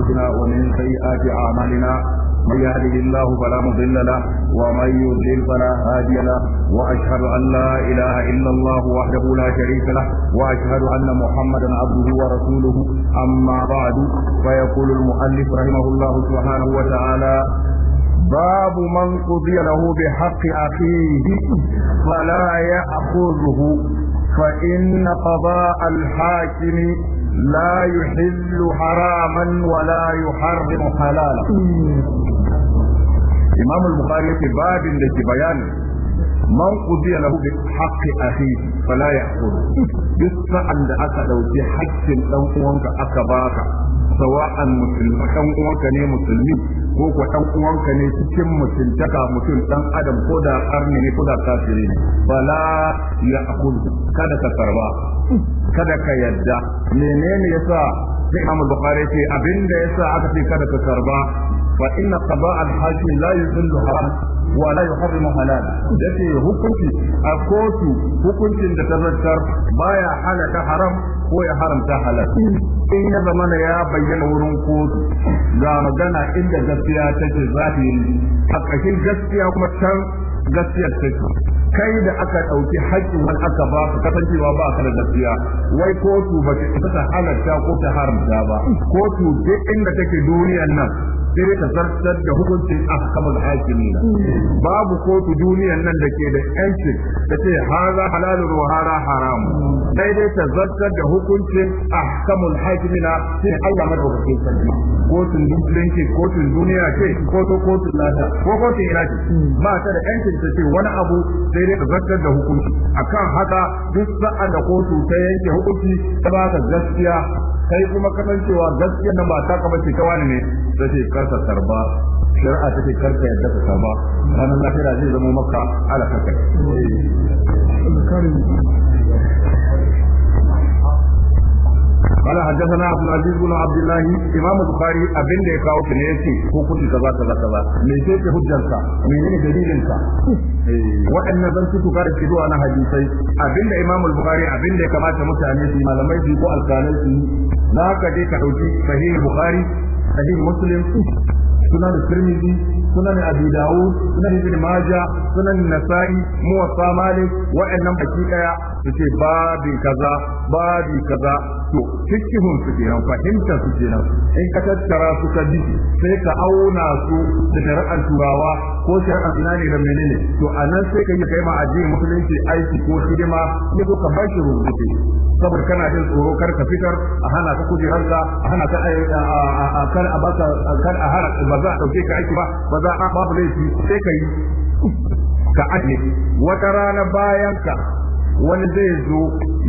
أنفسنا ومن سيئات أعمالنا من يهده الله فلا مضل له ومن يضلل فلا هادي له واشهد ان لا اله الا الله وحده لا شريك له واشهد ان محمدا عبده ورسوله اما بعد فيقول المؤلف رحمه الله سبحانه وتعالى باب من قضي له بحق اخيه فلا ياخذه فان قضاء الحاكم لا يحل حراما ولا يحرم حلالا إمام البخاري في باب لك بيان man kudiya lahu bi duk sa'an da aka ɗauki haƙƙin dan uwanka aka baka sawa'an musulmi kan uwanka ne musulmi ko ko dan uwanka ne cikin mutuntaka mutum dan adam ko da karni ne ko da kafiri ne bala ya akul kada ka karba kada ka yadda menene yasa sai Imam Bukhari ce abinda yasa aka ce kada ka karba fa inna qada al-hakim la yuzillu haram wa la yuharrimu halal yace hukunci a kotu hukuncin da ta tabbatar baya halata haram ko ya haramta halal in ya zamana ya bayyana wurin kotu ga magana inda gaskiya take zahiri a ƙashin gaskiya kuma can gaskiyar take kai da aka ɗauki haƙƙin wani aka ba ka kasancewa ba ka da gaskiya wai kotu ba ta halarta ko ta haramta ba kotu duk inda take duniyar nan sai dai ta zartar da hukuncin ahkamul hakimin babu kotu duniyan nan da ke da yancin da ce hara halalun wa hara sai dai ta zartar da hukuncin ahkamul hakimin sai Allah madaukakin sarki kotun duniya kotun duniya ce ko kotun lada ko kotun ina ce ba ta da yancin ta ce wani abu sai dai ta zartar da hukunci akan haka duk sa'a da kotu ta yanke hukunci ta ba ka gaskiya kai kuma kasan cewa gaskiya na mata ka ce ta wani ne ce karsa tarba shari'a ta ce karka yadda ta tarba ranar lafiya zai zama maka alaƙaƙa. قال حدثنا عبد العزيز بن عبد abinda ya kawo ابن ده يكاو كده يتي hukunci kaza kaza kaza me ce ke hujjarsa menene dalilinsa waɗannan zan tutu kare ki zuwa na hadisai abinda Imam al-Bukhari abinda ya kamata mutane su malamai su ko alƙalai su na haka dai ka dauki sahih Bukhari sahih Muslim sunan Tirmidhi sunan Abi Dawud sunan Ibn Majah sunan Nasa'i Muwatta Malik waɗannan baki ɗaya, su ce babin kaza babin kaza to fikihun su kenan fahimtar su kenan in ka tattara su ka bi sai ka auna su da shari'ar turawa ko shari'ar ina ne da menene to anan sai ka yi kai ma addinin musulunci aiki ko hidima ne ko ka bar shi rubuce saboda kana jin tsoro kar ka fitar a hana ka kujerarka a hana ka eh, eh, a kar a baka kar a hana ba za a dauke ka aiki ba ba za a babu laifi sai ka yi ka ajiye wata rana bayan ka wani zai zo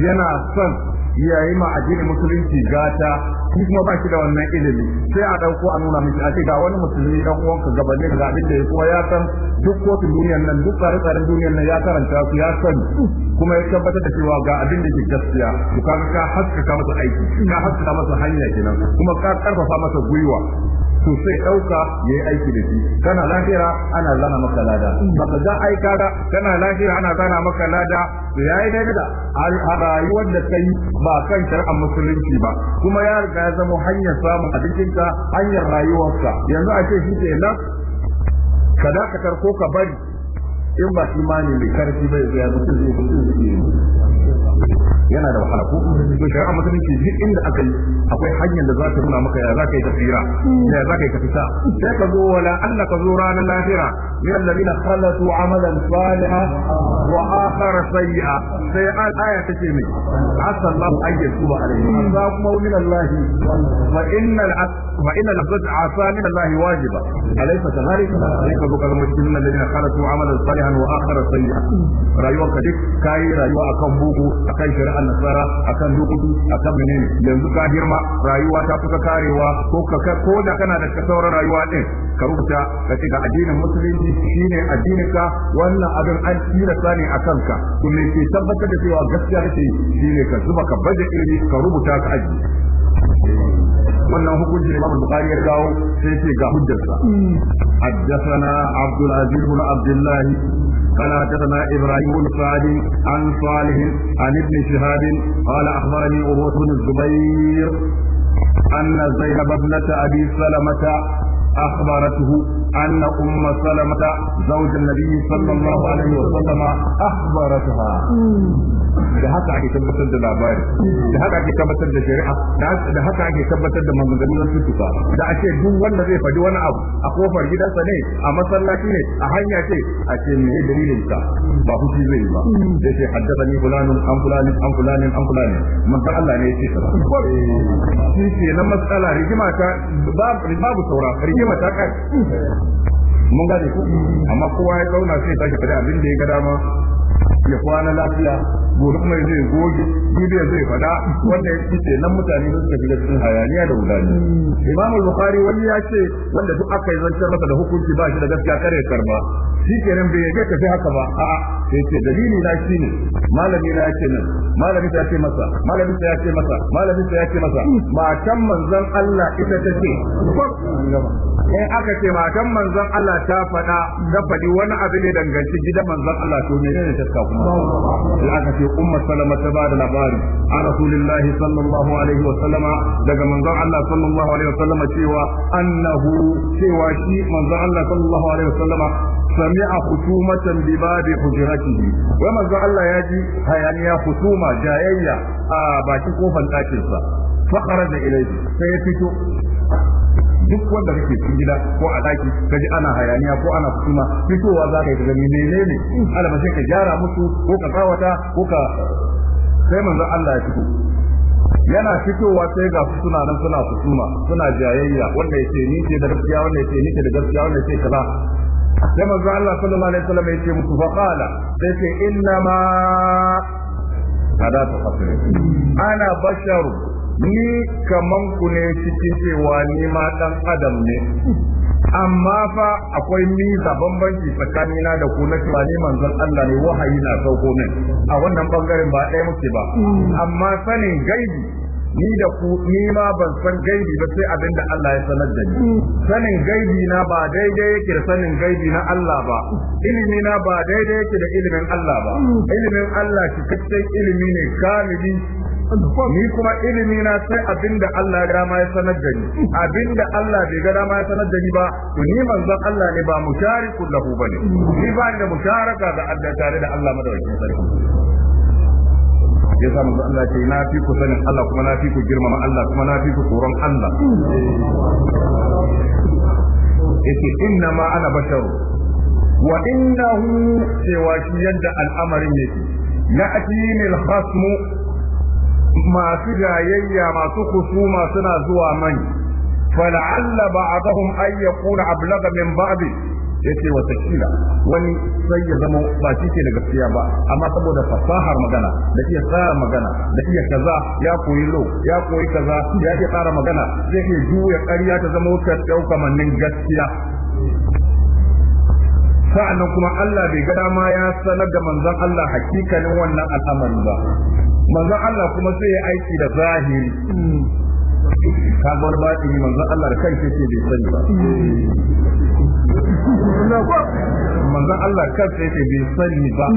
yana son yayi ma addinin musulunci gata kuma ba shi da wannan ilimi sai a dauko a nuna miki a ce ga wani musulmi dan uwanka gabanin ga abin da ya kuma ya san duk kotun duniyar nan duk tsare-tsaren duniyar nan ya karanta su ya san kuma ya tabbatar da cewa ga abin da ke gaskiya to kaga ka haskaka masa aiki ka haskaka masa hanya kenan kuma ka karfafa masa gwiwa to sai dauka yayi aiki da shi kana lahira ana zana maka lada baka ga ai da kana lahira ana zana maka lada to yayi daidai da a rayuwar da kai ba kan shar'an musulunci ba kuma ya riga ya zama hanyar samun abincinka hanyar rayuwarka yanzu a ce shi ke nan ka dakatar ko ka bari in ba imani mai karfi bai zai ya mutum zai zai yana da wahala ko shari'a musulunci duk inda aka akwai hanyar da za ta nuna maka ya za ka yi tafira ya za ka yi tafita sai ka zo wala Allah ka zo ranar lahira min alladhina khalatu amalan salihan wa akhar sayyi'a sai al aya take ne asa Allah an yatuba alaihi za kuma min Allah fa innal fa innal asa min Allah wajiba alaysa kadhalika sai ka zo zama cikin alladhina khalatu amalan salihan wa akhar sayyi'a rayuwarka duk kai rayuwa akan bugu akan shari'a annasara akan lokaci akan menene yanzu ka girma rayuwa ta kusa karewa ko ka ko da kana da sauran rayuwa din ka rubuta ka ce ga addinin musulunci shine addinin ka wannan abin an tsira ne akan ka to me ke tabbatar da cewa gaskiya kake shine ka zuba ka bada ilimi ka rubuta ka aji wannan hukunci Imam Bukhari ya dawo sai ce ga hujjarsa حدثنا mm. Abdul Aziz بن Abdullah قال حدثنا ابراهيم بن سعد عن صالح عن ابن شهاب قال اخبرني عروه بن الزبير ان زينب ابنه ابي سلمه أخبرته أن أم سلمة زوج النبي صلى الله عليه وسلم أخبرتها da haka ake tabbatar da labari da haka ake tabbatar da shari'a da haka ake tabbatar da duk wanda zai faɗi wani abu a kofar gidansa ne a masallaci ne a hanya ce a ce me dalilin ba zai ba ce an fulanin an fulanin an fulanin Allah ne ya ce shi ke na matsala rigima babu saura rigima ta mun gane ku amma kowa ya zauna sai ya tashi fada abin da ya ga dama ya kwana lafiya gobe kuma zai goge bidiyon zai fada wanda ya ce nan mutane sun tafi da cikin hayaniya da wudani imamu bukhari wani ya ce wanda duk aka yi zancar masa da hukunci ba shi da gaskiya kare karba shi kenan bai yage tafi haka ba a'a sai ce dalili na shi ne malami na ya ce nan malami ta ce masa malami ta ya ce masa malami ta ya ce masa matan manzon Allah ita ta ce in aka ce matan manzon Allah ta faɗa ta faɗi wani abu ne danganci gidan manzon Allah to menene ta kuma ce umma salama ta ba da labari a rasulullahi sallallahu alaihi wa sallama daga manzon Allah sallallahu alaihi wa sallama cewa annahu cewa shi manzon Allah sallallahu alaihi wa sallama sami'a khusumatan bi babi hujratihi wa manzon Allah ya ji hayaniya khusuma jayayya a baki kofar ɗakinsa fa kharaja ilayhi sai ya fito duk wanda kake cikin gida ko a daki kaji ana hayaniya ko ana kusuma fitowa za ka yi daga menene alama sai ka gyara musu ko ka tsawata ko ka sai manzon Allah ya fito yana fitowa sai ga su suna nan suna kusuma suna jayayya wanda yace ni ce da gaskiya wanda yace ni ce da gaskiya wanda yace kaza sai manzo Allah sallallahu alaihi wasallam ce musu fa qala sai ce inna ma kada ta fasire ana basharu ni kaman ku ne cikin cewa ni ma dan adam ne amma fa akwai misa bambanci na da ku na cewa ni manzon Allah ne wahayi na sauko min a wannan bangaren ba ɗaya muke ba amma sanin gaibi ni da ku ni ma ban san gaibi ba sai abin da Allah ya sanar da ni sanin gaibi na ba daidai yake da sanin gaibi na Allah ba ilimi na ba daidai yake da ilimin Allah ba ilimin Allah cikakken ilimi ne kamili ni kuma ilimi na sai abinda Allah ya ma ya sanar da ni abinda Allah bai ga ma ya sanar da ni ba to ni manzon Allah ne ba musharikun lahu bane ni ba ni da musharaka da Allah tare da Allah madaukakin sarki ya sa manzo Allah ce na fi ku sanin Allah kuma na fi ku girmama Allah kuma na fi ku tsoron Allah yace inna ma ana basharu wa innahu cewa shi yadda al'amarin yake na atimil khasmu masu jayayya masu kusuma suna zuwa mani fal'alla ba'dahum ay yakuna ablaga min ba'di yace watakila wani sai ya zama ba shi ke da gaskiya ba amma saboda fasahar magana da iya tsara magana da iya kaza ya koyi lo ya koyi kaza ya ke tsara magana zai iya juya ƙarya ta zama wutar ɗaukamannin gaskiya sa'annan kuma Allah bai ga dama ya sanar da manzon Allah hakikanin wannan al'amari ba manzon Allah kuma sai ya aiki da zahiri Ka kagon batini manzon Allah da kanshi ce bai sani ba manzon Allah kansa yake bai sani ba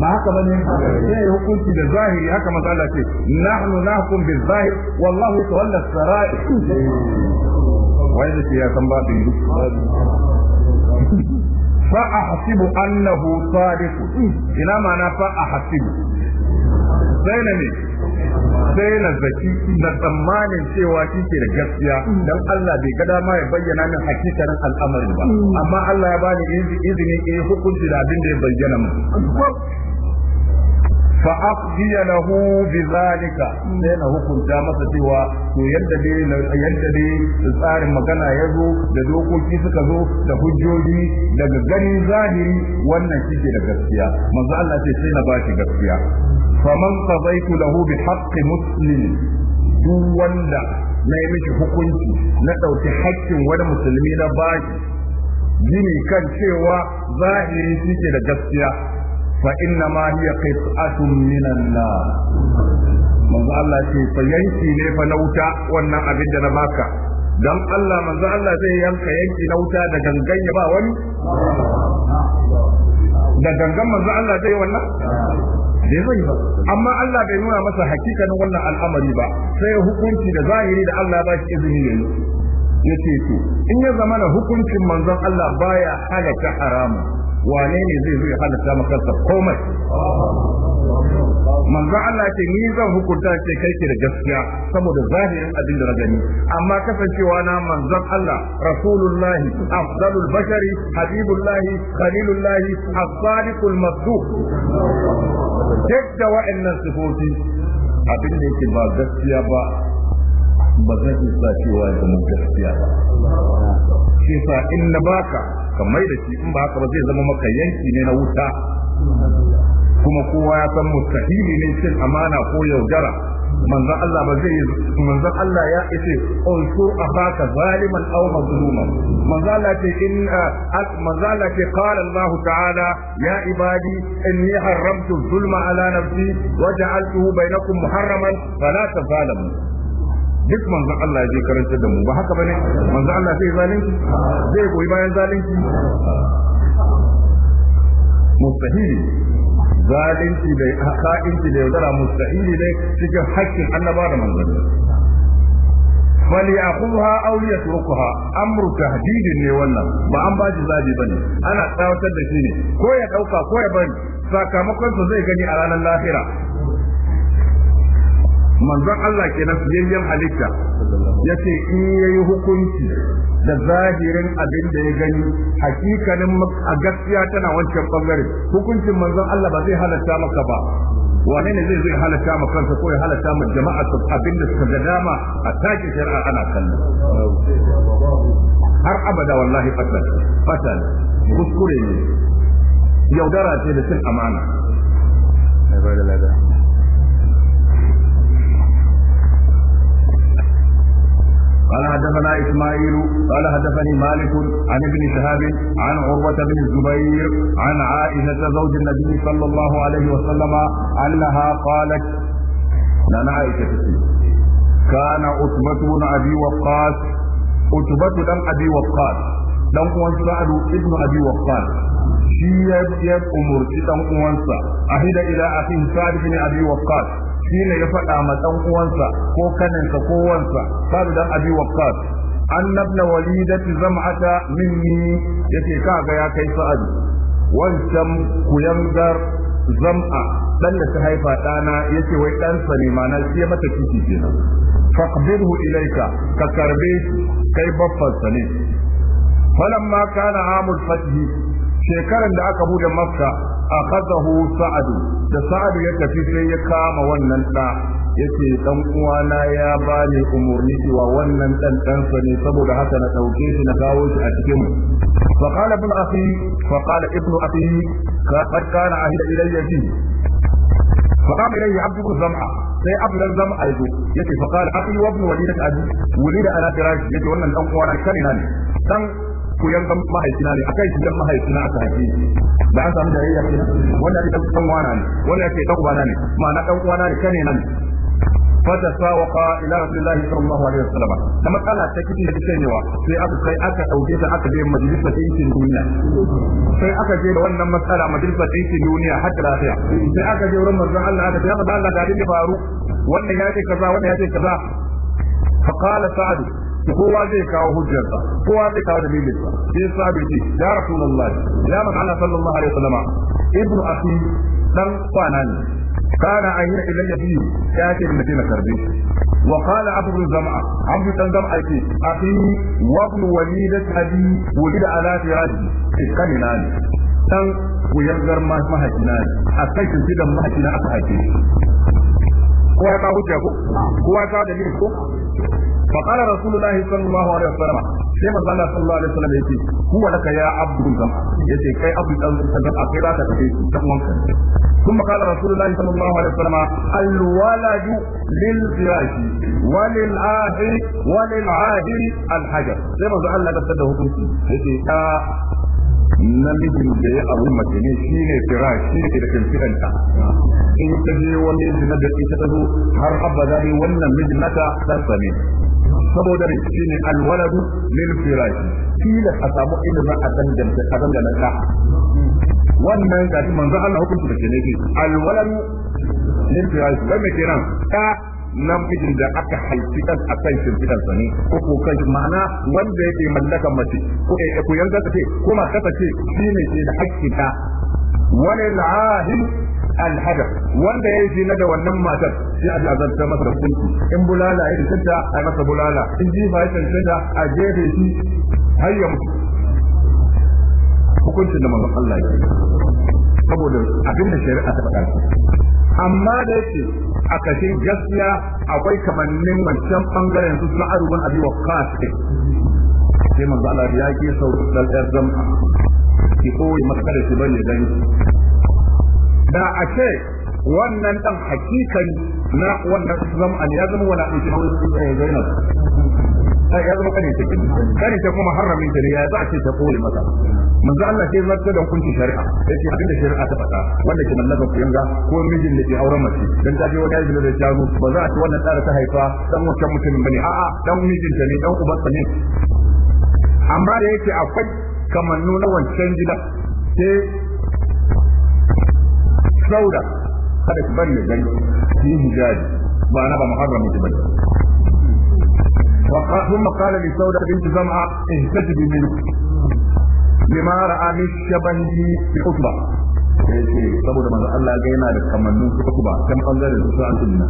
ba haka bane sai hukunci da zahiri haka manzon Allah ce nahnu nahkum bil zahir wallahu tawalla sarai wai da ya san batini fa ahsibu annahu sadiq ina ma'ana fa ahsibu zaina ne sai na zaki na tsammanin cewa shi ke da gaskiya dan Allah bai ga dama ya bayyana min hakikarin al'amarin ba amma Allah ya bani izini in hukunci da abin da ya bayyana min fa aqdi lahu bi zalika sai na hukunta masa cewa to yadda dai yadda dai tsarin magana ya zo da dokoki suka zo da hujjoji daga gari zahiri wannan shi ke da gaskiya manzo Allah sai sai na ba shi gaskiya faman qadaitu lahu bi haqqi muslim duk wanda na yi miki hukunci na ɗauki haƙƙin wani musulmi na baki gini kan cewa zahiri shi ke da gaskiya fa inna ma hiya qit'atun minan nar manzo Allah ce fa yanki ne fa na wannan abin da na baka dan Allah manzo Allah zai yanka yanki na da gangan ya ba wani da gangan manzo Allah zai wannan bai zai ba amma Allah bai nuna masa hakikanin wannan al'amari ba sai hukunci da zahiri da Allah ba shi izini yayi yace to in ya zama na hukuncin manzon Allah baya halaka haramu wane ne zai zo ya halaka maka komai manzo Allah ce ni zan hukunta ce kai ki da gaskiya saboda zahirin abin da na gani amma kasancewa na manzo Allah rasulullahi afdalul bashari habibullahi khalilullahi as-sadiqul duk da wa'annan sifofi abin da yake ba gaskiya ba ba zan isa cewa ya zama gaskiya ba shi sa in na baka ka da shi in ba haka ba zai zama maka yanki ne na wuta kuma kowa ya san mustahili ne cin amana ko yaudara manzon Allah ba zai manzon Allah ya ce unsur afaka zaliman aw mazluman manzon Allah ce in manzon Allah ce qala Allah ta'ala ya ibadi inni haramtu zulma ala nafsi wa ja'altuhu bainakum muharraman fala tazalamu duk manzon Allah ya je karanta da mu ba haka bane manzon Allah zai zalunci zai goyi bayan zalunci mustahili zalunci da ha'inci da yaudara mustahili ne cikin haƙƙin annaba da manzanni فليأخذها أو يتركها Amurka تهديد ne wannan ba an ba shi zabi bane ana tsawatar da shi ne ko ya dauka ko ya bari sakamakon su zai gani a ranar lahira manzon Allah ke na siyayyen halitta ya ce in ya yi hukunci da zahirin abin da ya gani hakikanin a gaskiya tana wancan bangare hukuncin manzon Allah ba zai halatta maka ba wane ne zai zai halatta kansa ko ya halatta ma jama'a su abin da suka ga dama a take shari'a ana kallo har abada wallahi fatal fatan kuskure ne yaudara ce da cin amana قال حدثنا إسماعيل قال حدثني مالك عن ابن شهاب عن عروة بن الزبير عن عائشة زوج النبي صلى الله عليه وسلم أنها قالت لنا عائشة كان عتبة بن أبي وقاص عتبة بن أبي وقاص dan uwan Sa'adu ibnu Abi Waqqas shi ya umurci dan uwansa ahida ila akhi Sa'd ibn Abi Waqqas shine ya faɗa ma dan uwansa ko kaninsa ko wansa da dan abi waqqas annabna walidati zam'ata minni yace kaga ya kai sa'ad wancan kuyangar zam'a dan da ta haifa dana yace wai dan sa ne ma na sai mata kici kenan faqbirhu ilayka ka karbe kai baffan sa ne falamma kana amul fatihi shekaran da aka bude makka akhadahu sa'ad da sa'ad ya tafi sai ya kama wannan da yace dan uwana ya bani umurni cewa wannan dan dan sa ne saboda haka na dauke shi na kawo shi a cikin mu fa qala ibn akhi fa qala ibn akhi qad kana ahida ilayya fi fa qala ilayya abdu zam'a sai abu zama a yazo yace fa qala akhi wa ibn walid abi wulida ala firashi yace wannan dan uwana kanina ne dan ko yan mahaifina ne akan shi mahaifina aka haife shi da an samu jayayya ne wannan dan dan wana ne wannan yake dan uwana ne ma'ana dan uwana ne kane nan fatasawaqa ila rasulillahi sallallahu alaihi wasallam da matsala ta kiti da take cewa sai aka kai aka dauke ta aka je majalisar ɗinkin duniya sai aka je da wannan matsala majalisar ɗinkin duniya har da lafiya sai aka je wurin manzon Allah aka ce ya Allah ga abin da faru wannan ya ce kaza wannan ya ce kaza فقال سعد kowa zai kawo hujjarsa kowa zai kawo dalilinsa sai sabiti ya rasulullahi ya manzo sallallahu alaihi wasallam ibnu asim dan kwana ne kana ayyuna ila yabi ya ce da madina karbi wa qala abu zama'a abu dan zama'a ce da wa ibn walid tabi wulida ala firaji kani nani dan ku yargar mahajina akai tsidan mahajina aka hake kowa ta kawo hujja ko kowa ya kawo ko فقال رسول الله صلى الله عليه وسلم sai manzo Allah sallallahu alaihi wasallam yace huwa ya abdul kai abdul zam kaga akai kai dan wanka kuma kala rasulullahi sallallahu alaihi wasallam al waladu lil firashi walil ahi walil ahiri al sai manzo Allah da hukunci namijin da ya abu mace ne shi ne kira shi ne da kimfidanta in ta je wani miji na gaske ta zo har abada ne wannan miji nata ɗansa ne saboda ne shi ne alwaladu min firashi kila a samu ilimin a danganta a danganta ka wannan ga manzo Allah hukunci da ke ne alwaladu min firashi wai me kenan ka namijin da aka haifi ɗan a kan shimfidan sa ne ko ko kan ma'ana wanda yake mallaka mace ko ya eh, ku yanka ta ce ko ma kasa ce ne ke da hakki ta walil alhadar wanda ya yi na da wannan matar sai a azabta masa da kunci in bulala ya tantanta a masa bulala in ba ya tantanta a jefe shi har ya mutu hukuncin da manzon Allah ya yi saboda abin da shari'a ta faɗa amma da yake a kashin gaskiya akwai kamannin wancan bangaren su na arubun abi waqqas sai manzo Allah ya ke sau da ɗan zamba ki koyi makare su bane gani da a ce wannan dan hakikan na wannan ne ya zama wala in shi Zainab ya zama kare ta kin kare ta kuma haramin ta ne ya za a ce ta kole masa manzo Allah sai zarta da hukuncin shari'a yace abinda shari'a ta faɗa wanda ke mallaka ku yanga ko mijin da ke auren mace dan ta je wani aiki da jaru ba za a ce wannan tsara ta haifa dan wancan mutumin bane a'a dan mijin ta ne dan uban ne amma da yake akwai kamannu na wancan gida sai sauda kada ki bari ya gani shi hijabi ba na ba muharram ki bari ثم قال لسودة بنت زمعة اهتدي منه لما رأى من شبه في خطبة yake saboda manzo Allah ga yana da kamannin su ba kan bangaren su an tunna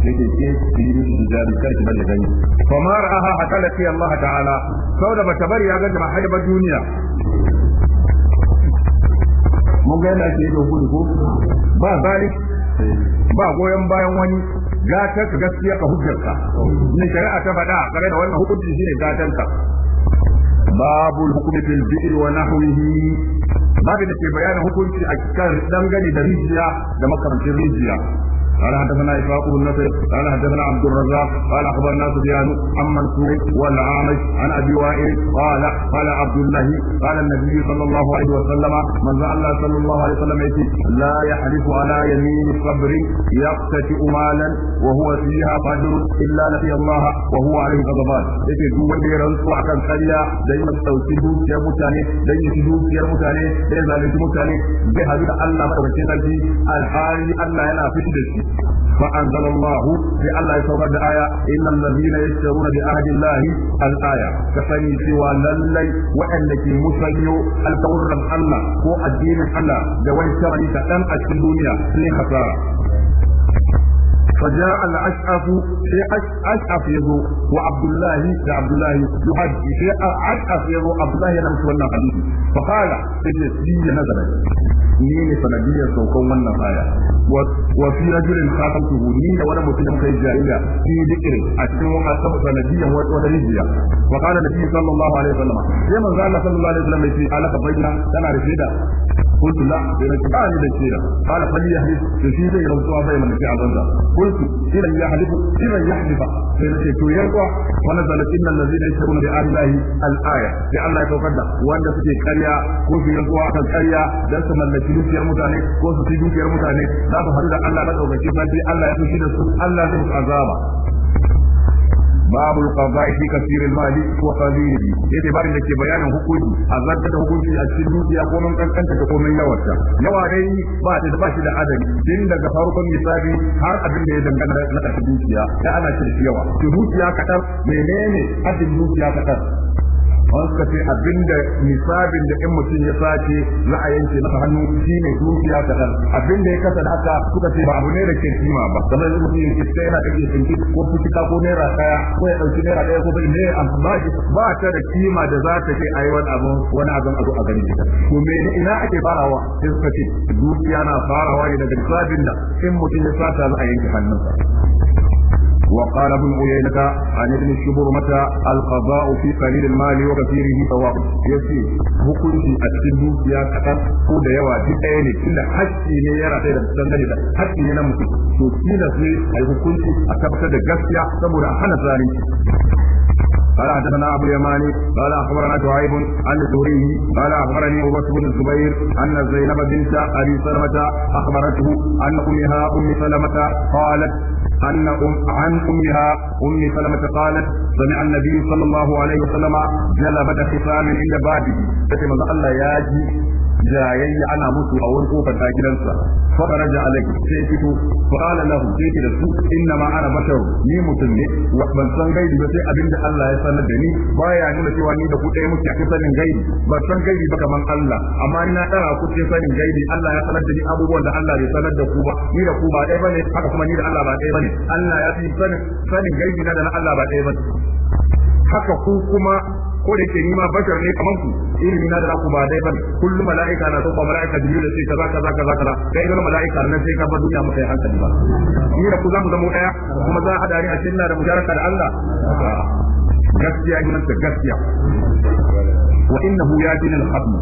yake ke yi su da kar ki bada gani fa ma ra'aha hatta laqi Allah ta'ala saboda bata bari ya ga da haiba duniya mun ga yana ke da hudu ko ba zalik ba goyon bayan wani gatar gaskiya ka hujjar ka ni shari'a ta faɗa kare da wannan hukunci shine gatar ka babu hukumi fil bi'r wa nahwihi babin da ke bayanin hukunci a kan dangane da rijiya da makamancin rijiya قال حدثنا اسحاق بن نصر قال حدثنا عبد الرزاق قال اخبرنا سفيان عن منصور والعامش عن ابي وائل قال قال عبد الله قال النبي صلى الله عليه وسلم من ذا الله صلى الله عليه وسلم لا يحلف على يمين صبر يقتتئ مالا وهو فيها قدر الا لقي الله وهو عليه غضبان yake duk بيرن ya rantsu akan karya da yi sauki dukiyar mutane da yi shi dukiyar mutane da ya zalunci mutane zai hadu da Allah madaukakin فأنزل الله في الله يتوقع آية إن الذين يشترون بعهد الله الآية كفني سوى للي وأنك مسيو الكور الله هو الدين الله دوين شرعي تأم الدنيا لخسارة فجاء الأشعف في أشعف يزو وعبد الله عبد الله يحج في أشعف يزو عبد الله ينمس ونا حديث فقال إجلسي نزلت نيني سندية سوكو ونا آية وفي رجل خاطبته نين وانا مسلم كي جاهلة في ذكر أشنو أسمع سندية وتريجية وقال النبي صلى الله عليه وسلم يا من قال صلى الله عليه وسلم على قبيلنا أنا رشيدا قلت لا لنتبعني بالسيرة قال فليحلف يشير إلى الصعب إلى من في عبدا قلت إذا يحلف إذا يحلف فلسيت يرقع ونزلت إن الذين يشترون بآل الله الآية لأن لا يتوقد وأن سكي كريا كوف يرقع عن كريا دس من لكيلو في المتاني كوف سيجو في المتاني لا تفرد أن لا تتوقع كيف أن لا يتوقع أن لا يتوقع عذابا babu qada'i fi kasir al-mal wa qalil yace barin da ke bayanin hukunci azanta da hukunci a cikin dukiya ko mun kankanta ko mun yawarta yawa dai ba ta shi da adadi din daga farkon misali har abin da ya dangana da dukiya ya ana cin yawa to dukiya kadar ne adadin dukiya kadar an suka ce abinda misabin da in mutum ya sace za a yanke masa hannu shi ne dukiya kaɗan abinda ya kasa da haka suka ce ba abu ne da ke kima ba kamar yanzu mutum ya ce yana da ke ko fitika ko naira ɗaya ko ya ɗauki naira ɗaya ko bai ne ba ba ta da kima da za ta ce ai wani abu wani abin a zo a gani to me ina ake farawa sai suka ce dukiya na farawa ne daga misabin da in mutum ya sata za a yanke hannunsa وقال ابن عيينة عن ابن الشبرمة القضاء في قليل المال وكثيره سواء يسي حكم في السن يا كتر كود يوا تتين كل حشي ne ya rataye da dangane da haƙƙi ne na mutum to kila sai a yi hukunci a tabbatar da gaskiya saboda a hana zalunci قال حدثنا ابو اليماني قال اخبرنا شعيب عن الزهري قال اخبرني ابو بكر بن الزبير ان زينب بنت ابي سلمه اخبرته ان امها ام سلمه قالت أن أم عن أمها أم سلمة قالت سمع النبي صلى الله عليه وسلم جلبت خصام عند بابه فتم الله جي jayayya ana mutu a wurin kofar ta gidansa fa faraja alai sai fito fa qala lahu da su inna ma ana basharu ni mutum ne wa ban san gaidi ba sai abinda Allah ya sanar da ni baya nuna cewa ni da ku ɗaya muke a sanin gaidi ban san gaidi ba kaman Allah amma ni na tsara ku cikin sanin gaidi Allah ya sanar da ni abubuwan da Allah bai sanar da ku ba ni da ku ba ɗaya bane haka kuma ni da Allah ba ɗaya bane Allah ya sanin gaidi na da na Allah ba ɗaya bane haka ku kuma ko da yake ni ma bashar ne kaman ku irin na da ku ba dai ban kullum mala'ika na so ba mala'ika da sai kaza kaza kaza kaza kai ga mala'ika nan sai ka bar duniya mu kai hankali ba ni da ku za mu zama daya kuma za a ni a cikin da mujaraka da Allah gaskiya ne gaskiya wa innahu yatina al-khatm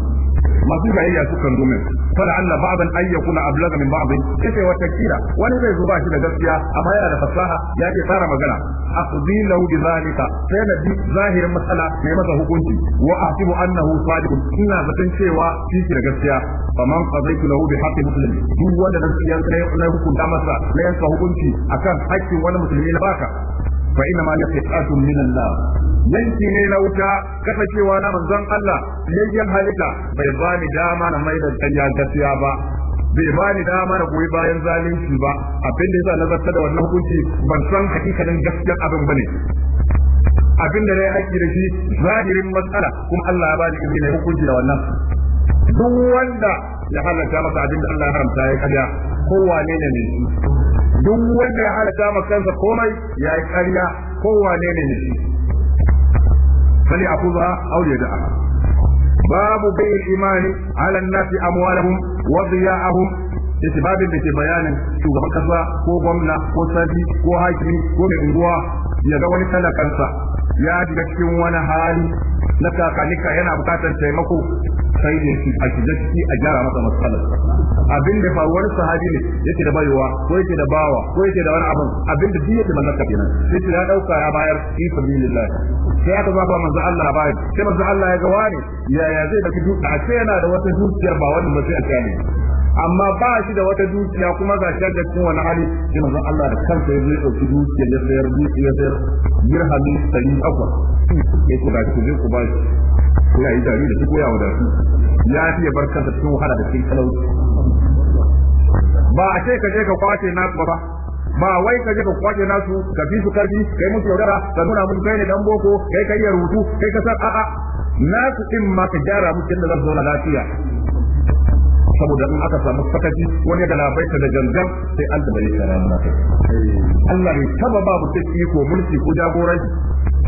masu jayayya sukan zo min fara Allah ba'dan ay yakuna ablaga min ba'd kace wata kira wani zai zuba shi da gaskiya amma yana da fasaha ya ke fara magana aqdi lahu bi sai na bi zahirin masala mai masa hukunci wa ahtibu annahu sadiq ina zaton cewa shi da gaskiya faman qadaitu lahu bi haqqi muslim duk wanda gaskiya sai na hukunta masa na yanka hukunci akan haƙƙin wani musulmi na baka fa ina ma tafiqatun min Allah yanki ne na wuta cewa na manzon Allah yayyan halitta bai ba ni dama na mai da gaskiya ba bai ba ni dama na goyi bayan zalunci ba abin da yasa nazarta da wannan hukunci ban san hakikanin gaskiyar abin bane abin da yi haƙƙi da shi zahirin matsala kuma Allah ya ba ni izini hukunci da wannan duk wanda ya halatta masa abin da Allah ya haramta ya karya kowa ne ne duk wanda ya halaka ma kansa komai ya yi ƙarya kowane ne ne shi fali aure da ana babu bai imani ala nasi amwalahum wa diya'ahum yace babin da ke bayanin shugaban kasa ko gwamna ko sarki ko hakimi ko mai unguwa ya ga wani talakansa ya shiga cikin wani hali na kakanika yana bukatar taimako sai da shi a shiga ciki a gyara masa matsalar abin da faruwar sahabi ne yake da bayuwa, ko yake da bawa ko yake da wani abin abin da yake mallaka kenan sai ya dauka ya bayar fi sabilillah sai aka zaba manzo Allah bayar sai manzo Allah ya ga wani ya ya zai baki duka a sai yana da wata dukiyar ba wani ba sai a kyale amma ba shi da wata dukiya kuma ga shi da cikin wani hali sai manzo Allah da kansa ya zai dauki dukiya ya sayar dukiya ya sayar dirhami 100 yake ba shi ku ba shi ya yi jari da su koya wa da su ya fi ya bar kansa cikin wahala da cikin talauci ba a ce ka je ka kwace nasu ba ba wai ka je ka kwace nasu ka fi su karfi kai musu yaudara ka nuna mun kai ne dan boko kai kai ya rutu kai ka san a'a nasu din ma ka gyara mu kin da zo zauna lafiya saboda in aka samu sakaci wani da ta da gangan sai an da na tsara Allah bai taba babu sai ko mulki ko jagoranci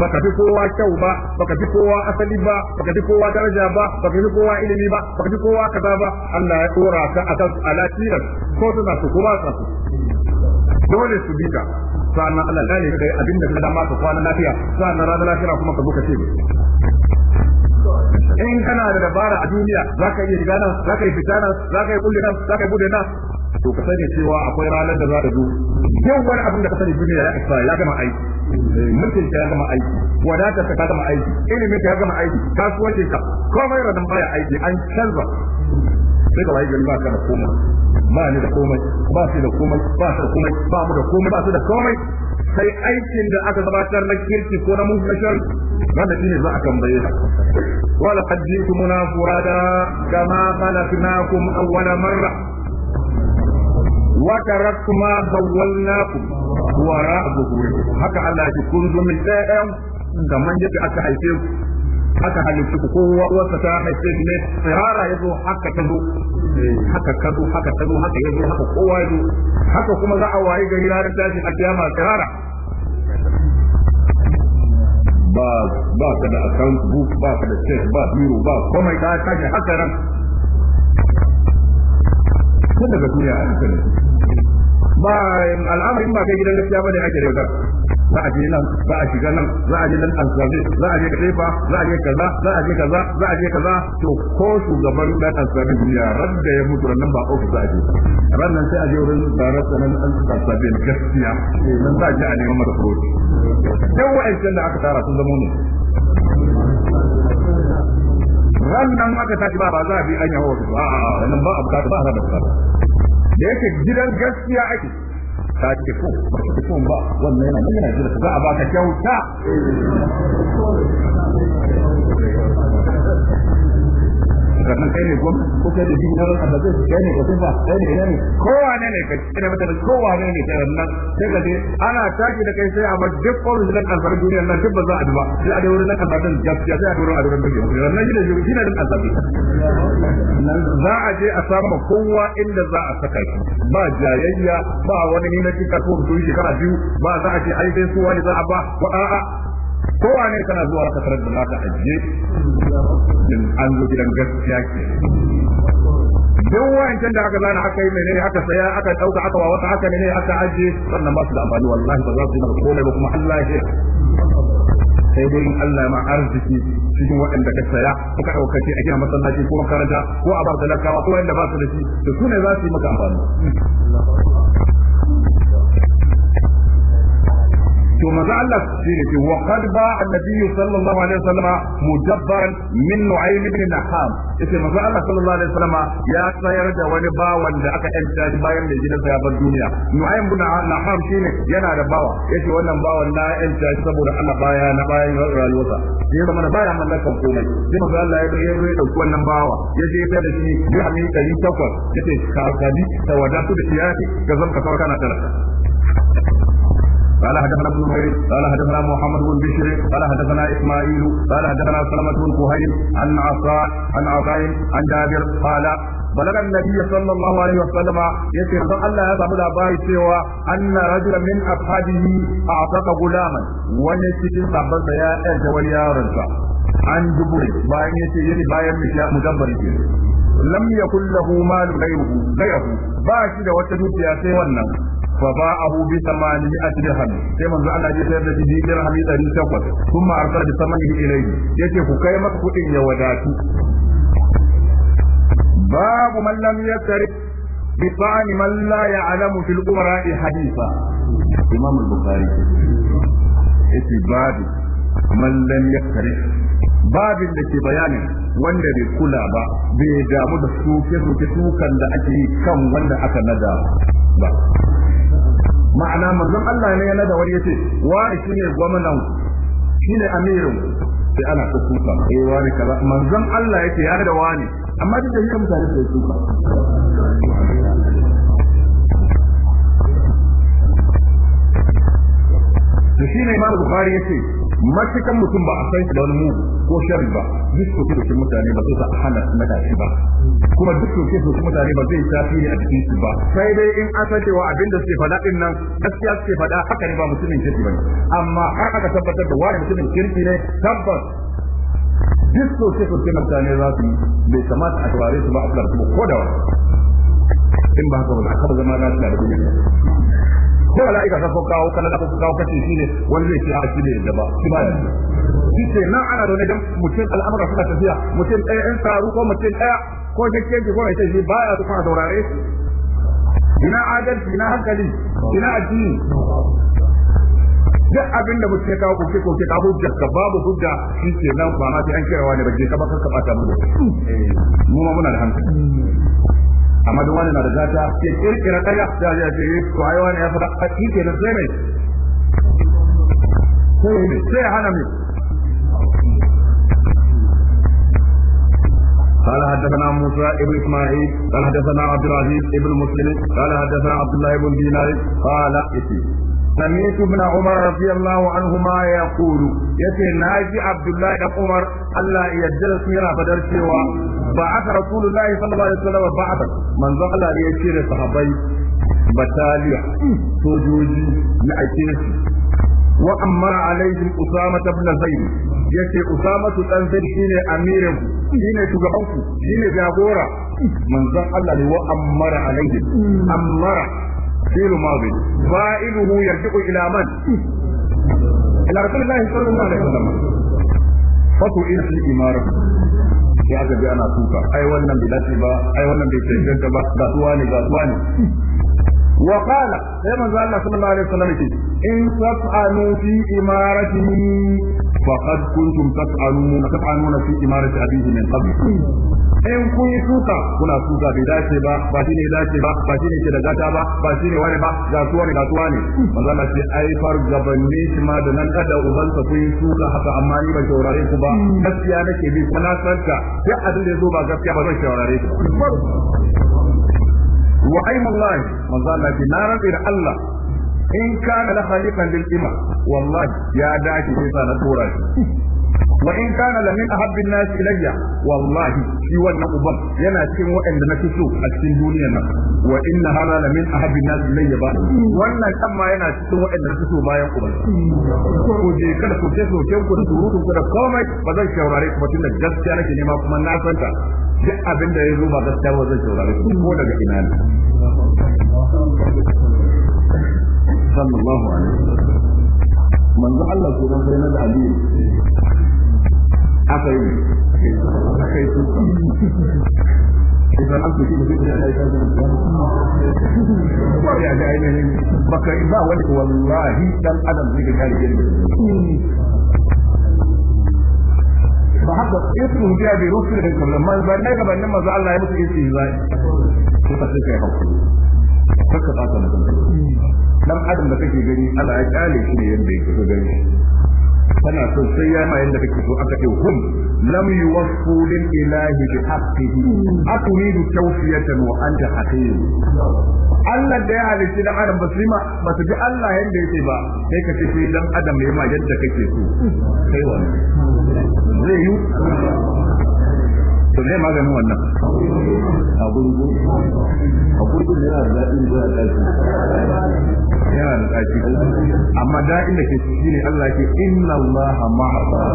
baka fi kowa kyau ba baka fi kowa asali ba baka fi kowa daraja ba baka fi kowa ilimi ba baka fi kowa kaza ba Allah ya tura ka akan alatiran ko suna su kuma ka su dole su bi ka sannan Allah dai ka kai abinda ka dama ka kwana lafiya sannan ranar lafiya kuma ka buka ce in kana da dabara a duniya zaka ka iya riga nan za ka yi fita nan za ka yi kulle nan yi bude na. to ka sani cewa akwai ranar da za ta zo yau wani abin da ka sani duniya ya isa ya gama aiki eh, mutum ya gama aiki wadatar ka gama aiki ilimin ka ya gama aiki kasuwancin ka komai da baya aiki an canza sai ka wayi ba ka da komai ba ni da komai ba shi da komai ba shi da komai ba mu da komai ba su da komai sai aikin da aka gabatar na kirki ko na munkashar wanda shine za a tambaye ka wala qad munafurada furada kama khalaqnakum awwala marra وتركت ما خولناكم وراء ظهوركم haka Allah ya kun zo min ɗayan kamar yadda aka haife ku aka halittu kowa uwarsa ta haife ku ne tsirara ya zo haka ta haka ka haka ta haka ya haka kowa ya haka kuma za a waye gari ranar tashi a kiyama tsirara ba ba ka da account ba ka da check ba biro ba komai ka tashi haka ran tun daga duniya a cikin ba ba kai gidan gaskiya ake da yau za a je nan za a shiga nan za a je nan za a je za a je kaza za a je kaza za a je kaza to ko shugaban dan alsabi duniya radda ya mutu nan ba ofis za a je ran nan sai a je wurin tarar sanan an alsabi gaskiya eh, nan za a je a neman mata dan wa'ancan da aka tara sun zama ne wannan aka tashi ba ba za a bi an yawo su a wannan ba a bukata ba a da bukata da yake gidan gaskiya ake ta ce ko ba ta ce ba wannan yana nan yana za a baka kyauta sannan kai ne ko kai da jini ran abaje kai ne kai ne kai ne kowa ne ne kai ne kowa ne ne kai sai ka ana tashi da kai sai a bar duk kawai da kasar duniyar nan duk ba za a duba sai a da wurin gaskiya sai a da wurin a da shi da shi za a je a samu kowa inda za a saka shi ba jayayya ba wani ne na kika ko shekara biyu ba za a ce ai dai su wani za a ba a'a kowa ne kana zuwa ka tarar da naka ajiye din an zo gidan gaskiya ke duk wa'ancan da aka zana aka yi menene aka saya aka dauka aka wa wata aka menene aka ajiye Sannan ba su da amfani wallahi ba za su yi maka komai ba kuma Allah ya sai dai in Allah ma arziki cikin waɗanda ka saya ko ka ɗauka a gina masallaci ko makaranta ko a ba talakawa ko wanda ba su da shi to su ne za su yi maka amfani to manzo Allah shi ne wa qad ba annabi sallallahu alaihi wasallam mudabbaran min nu'aym ibn naham yace manzo Allah sallallahu alaihi wasallam ya tsayar da wani bawan da aka yanta shi bayan da gidansa ya bar duniya nu'aym ibn shi ne yana da bawa yace wannan bawan na yanta saboda Allah baya na bayan rayuwarsa sai zama baya mallakan komai sai manzo Allah ya ya ya dauki wannan bawa ya je ta da shi dirhami 800 yace ka ka ni tawada su da iyaki ka zama ka sauka na talaka قال حدثنا ابن نمير قال حدثنا محمد بن بشر قال حدثنا اسماعيل قال حدثنا سلمة بن كهيل عن عطاء عن عطاء عن جابر قال بلغ النبي صلى الله عليه وسلم يسير الله يا سامو labari cewa anna rajula min ashabihi a'taqa gulaman wani cikin sabban da ya yarda wani yaron an dubure bayan ce yini bayan mujabbari ke lam yakul lahu malu ghayruhu ghayruhu ba shi da wata dukiya sai nan. Baba abu bi samani bi atrihan sai manzo Allah ya sayar da shi bi rahmi dari takwas kuma arsal bi samani bi ilayhi ku kai maka kuɗin ya wadatu babu man lam yasri bi ta'ani man la ya'lamu fil umara'i hadisa imam al-bukhari yace babu babin da ke bayani wanda bai kula ba bai damu da suke suke sukan da ake yi kan wanda aka nada ba ma'ana manzon Allah ne yana da wani yace wani ne gwamnan shine amirin sai ana ta kuka eh wani kaza manzon Allah yace ya da wani amma duk da yake mutane sai kuka shi ne Imam Bukhari yace matukan mutum ba a san shi da wani mugu ko sharri ba duk soke soke mutane ba zai sa hana nada shi ba kuma duk soke soke mutane ba zai tafi ne a cikin shi ba sai dai in an san cewa abin da suke faɗa din nan gaskiya suke faɗa haka ne ba mutumin kirki ba. amma har aka tabbatar da wani mutumin kirki ne tabbas duk soke soke mutane za su bai kamata a taurare su ba a kula da su ko da wani in ba haka ba za a zama lafiya da duniya ko mala'ika ka kawo kana da ka kawo kace shine wani zai ci a cikin da ba shi ba shi ce nan ana da dan mutum al'amura suna tafiya mutum ɗaya ɗan taru ko mutum ɗaya ko shakkenki ko mai shi baya su kuma saurare ina adalci ina hankali ina addini duk abin da mutum ya kawo koke koke ka hujja ka babu hujja shi ke nan ba ma sai an kirawa ne ba je ka ba ka bata mu eh, mu ma muna da hankali amma duk wani na da gata ya kirkira ɗaya ya ya ce eh, to ai wani ya faɗa a kike da sai mai sai mai sai hana mai قال حدثنا موسى ابن اسماعيل قال حدثنا عبد العزيز ابن مسلم قال حدثنا عبد الله بن دينار قال اتي سمعت ابن عمر رضي الله عنهما يقول يتي ناجي عبد الله بن عمر الله يجل سيرا فدر سيوا بعث رسول الله صلى الله عليه وسلم بعث من ذا الله يشير صحابي بتاليا سوجوجي لأكيس وأمر عليهم أسامة بن زيد yace Usamatu dan Zaid shine amirin shine shugabanku shine jagora manzon Allah ne wa ammara alaihi ammara fi'lu madi fa'iluhu yarji'u ila man ila rasulillahi sallallahu alaihi wasallam fatu ila al-imara sai aka bi ana tuka ai wannan bai dace ba ai wannan bai cancanta ba ga suwa ne ga suwa ne وقال يا من الله صلى الله عليه وسلم إن تطعنوا في إمارته فقد كنتم تطعنون تطعنون في إمارة أبيه من قبل in kun yi suka kuna suka bai dace ba ba shi ne dace ba ba shi ne ke da gata ba ba shi ne wani ba ga suwa ne ga ce ai far gabanni shi ma da nan kada ubansa kun yi suka haka amma ni ba shaurare ku ba gaskiya nake bi kuma na sai a dole ba gaskiya ba zan shaurare ku wa aimullahi manzo Allah ce na rabi da Allah in kana la khaliqan lil ima wallahi ya dace sai na tura shi wa in kana lamin ahabbin nas ilayya wallahi shi wannan uban yana cikin waɗanda na so a cikin duniyar nan wa inna hada lamin ahabbin nas ilayya ba wannan kan yana cikin waɗanda na so bayan uban ko je kada ku ce soke ku da surutu ku da komai ba zan shaurare ku ba tunda gaskiya nake nema kuma na santa duk abin da ya zo ba gaskiya ba zan shaurare ku ko daga ina ne sallallahu alaihi wasallam manzo Allah ko dan da aliyu aka yi aka yi su idan an kuci mutum da aika da ya ga ainihin baka ba wani wallahi dan adam zai ga kare gari ba haka yasu biya bai rufu da kamar manzo ne gaban nan maza Allah ya mutu yace zai ko ta kai hakuri kaka ba ta nan dan adam da kake gani Allah ya kale shi ne yanda yake gani kana so sai ya ma yanda kake so aka ce hum lam yuwaffu lil ilahi bi haqqihi aturidu tawfiyatan wa anta hakim Allah da ya halitta dan adam basu ma su bi Allah yanda yake ba sai ka ce sai dan adam ya ma yanda kake so sai to me maganin wannan a gurgu a gurgu ne yana da daɗin zuwa ɗaki yana da ɗaki amma daɗin da ke ciki ne Allah ke inna Allah ma'a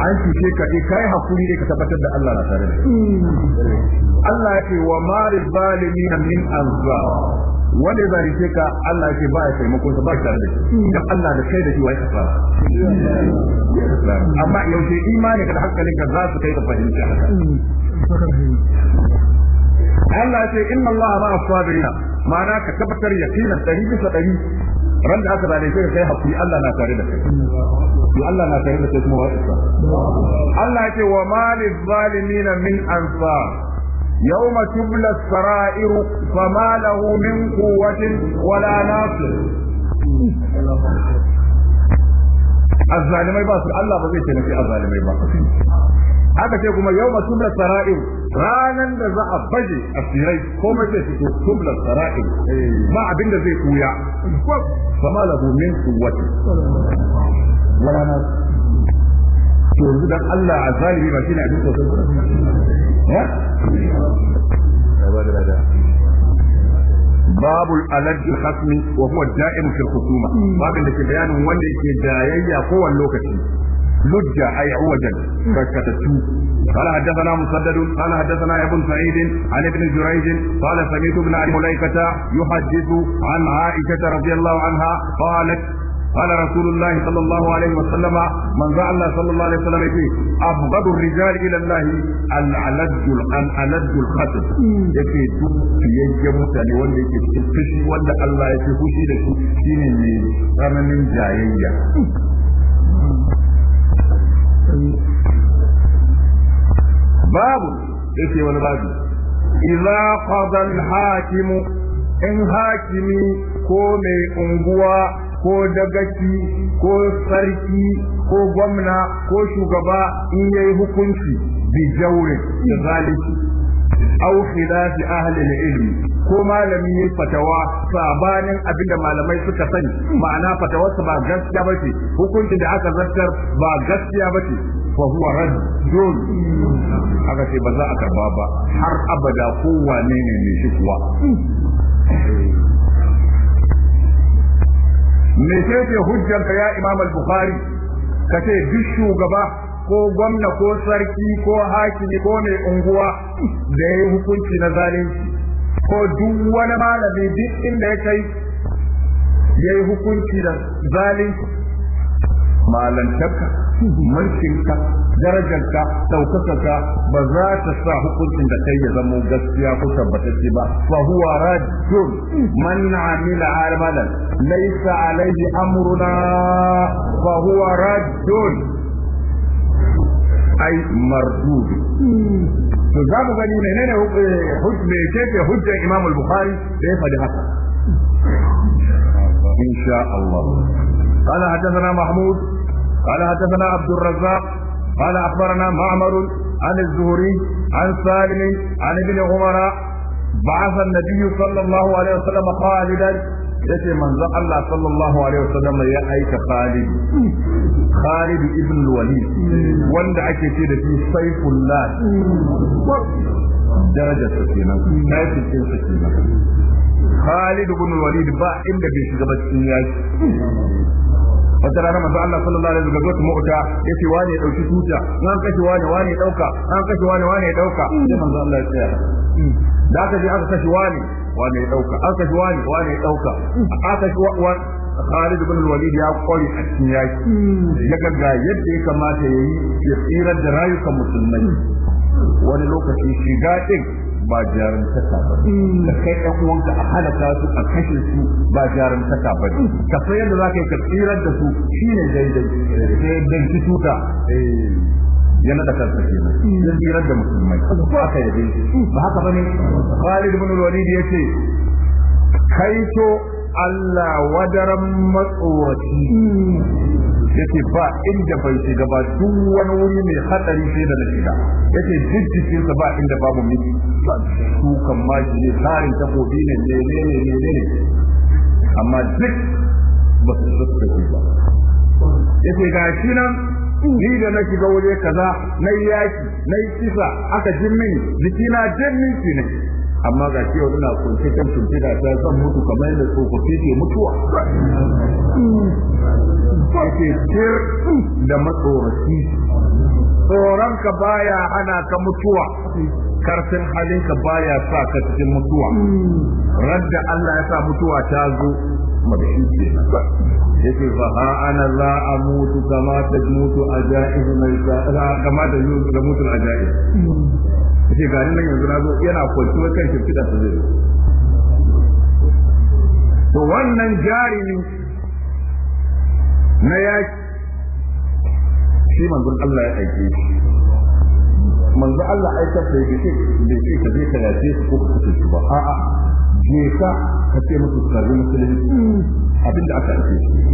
an cuce ka eh kai hakuri ne ka tabbatar da Allah na tare da hmm. Allah ya ce wa maril zalimin min anzar wanda ya zarice ka Allah ce ba ya taimako sa ba ya tare da shi idan Allah da kai da shi wai kasara amma yaushe imani ka da hankalinka za su kai ka fahimci haka Allah ce inna Allah ma as-sabirin ma'ana ka tabbatar yaqinan dari bisa dari ran da aka zalunce ka kai hakuri Allah na tare da kai to Allah na tare da kai kuma wa'isa Allah ya ce wa malil zalimin min ansar يوم تبلى السرائر فما له من قوة ولا ناصر الظالمين باسل الله بزيت نبي الظالمين باسل haka ce kuma yau matubla sara'ir ranan da za a baje a sirai ko mace su to tubla sara'ir ba abin da zai kuya fama lahu min quwwati wala to Allah azali ba shine abin sosai باب الألد الخصم وهو الدائم في الخصومة باب لك بيان وندي كدايا قوة اللوكتي لج أي عوجا فكتتو قال حدثنا مسدد قال حدثنا ابن سعيد عن ابن جريج قال سمعت ابن ابي مليكه يحدث عن عائشه رضي الله عنها قالت قال رسول الله صلى الله عليه وسلم من ذا الله صلى الله عليه وسلم يقول أبغض الرجال إلى الله الألد الألد يكي wanda yake cikin wanda Allah ya fi fushi da shi shine mai tsananin jayayya babu yake wani babu hakimu in hakimi ko mai unguwa ko dagaci ko sarki ko gwamna ko shugaba in yayi hukunci bi jawrin da zalici au khilafi ahli al-ilm ko malami yi fatawa sabanin abinda malamai suka sani ma'ana fatawarsa ba gaskiya bace hukuncin da aka zartar ba gaskiya bace fa huwa raddun aka ce ba za a karba ba har abada kowane ne ne shi kuwa me ce ka ya imam al-bukhari ka ce duk shugaba ko gwamna ko sarki ko hakimi ko mai unguwa da ya yi hukunci na zalunci ko duk wani malami duk inda ya kai ya yi hukunci da zalunci malantarka mulkinka darajarka ɗaukakarka ba za ta sa hukuncin da kai ya zamo gaskiya ko tabbatacce ba fa huwa rajul man amila amalan laysa alayhi amruna fa huwa rajul ai mardud to za mu gani menene hujja ce hujja Imam al-Bukhari da ya faɗi haka إن شاء الله قال حدثنا محمود قال حدثنا عبد الرزاق قال أخبرنا معمر عن الزهري عن سالم عن ابن عمر بعث النبي صلى الله عليه وسلم خالدا yace manzon Allah sallallahu alaihi wasallam ya aika Khalid Khalid ibn Walid wanda ake ce da shi Saifullah daraja ta kenan kai cikin sa kenan Khalid ibn Walid ba inda bai shiga ba cikin yaki wata rana manzo Allah sallallahu alaihi wasallam ga mu'ta yace wane ya dauki tuta ya dauka ya dauka sai manzo Allah ya da aka aka ya dauka aka ya dauka aka Khalid Walid ya kware a cikin yaki ya ga yadda ya kamata yayi ya tsirar da rayukan musulmai wani lokaci shiga din ba jarumtaka ba da mm. kai ɗan uwanka a halaka su a kashe su ba jarumtaka ba ka san yadda za ka yi ka tsirar da su shine da sai danki tuta eh, yana da kansa kenan mm. ya tsirar da musulmai ko aka yabe shi ba haka bane Khalid ibn Walid yace kaito Allah wadaran matsoraci mm. yace ba inda bai shiga ba duk wani wuri mai hadari sai da na shiga yace duk sa ba inda babu miki su kan maji ne tarin kofi ne ne ne ne ne ne amma duk ba su su ba yace ga shi nan ni da na shiga waje kaza na yaki na kisa aka jin mini jikina jin ne amma ga shi yau ina kunce kan tunce da ta zan mutu kamar yadda tsofaffi ke mutuwa yake tir da matsoraci tsoron ka baya hana ka mutuwa karfin halin ka baya sa ka cikin mutuwa radda Allah ya sa mutuwa ta zo madashi ke yake fa ha ana la amutu kama ta mutu ajaiz mai kama ta mutu ajaiz ce gani nan yanzu na zo yana kwanci wai kan shimfiɗa su zai to wannan jarumi na ya shi manzon Allah ya aike shi manzo Allah aikar da yake da yake ka je ka yace su ko ka tuci ba a'a je ka ka ce musu karbi musulunci abinda aka aike shi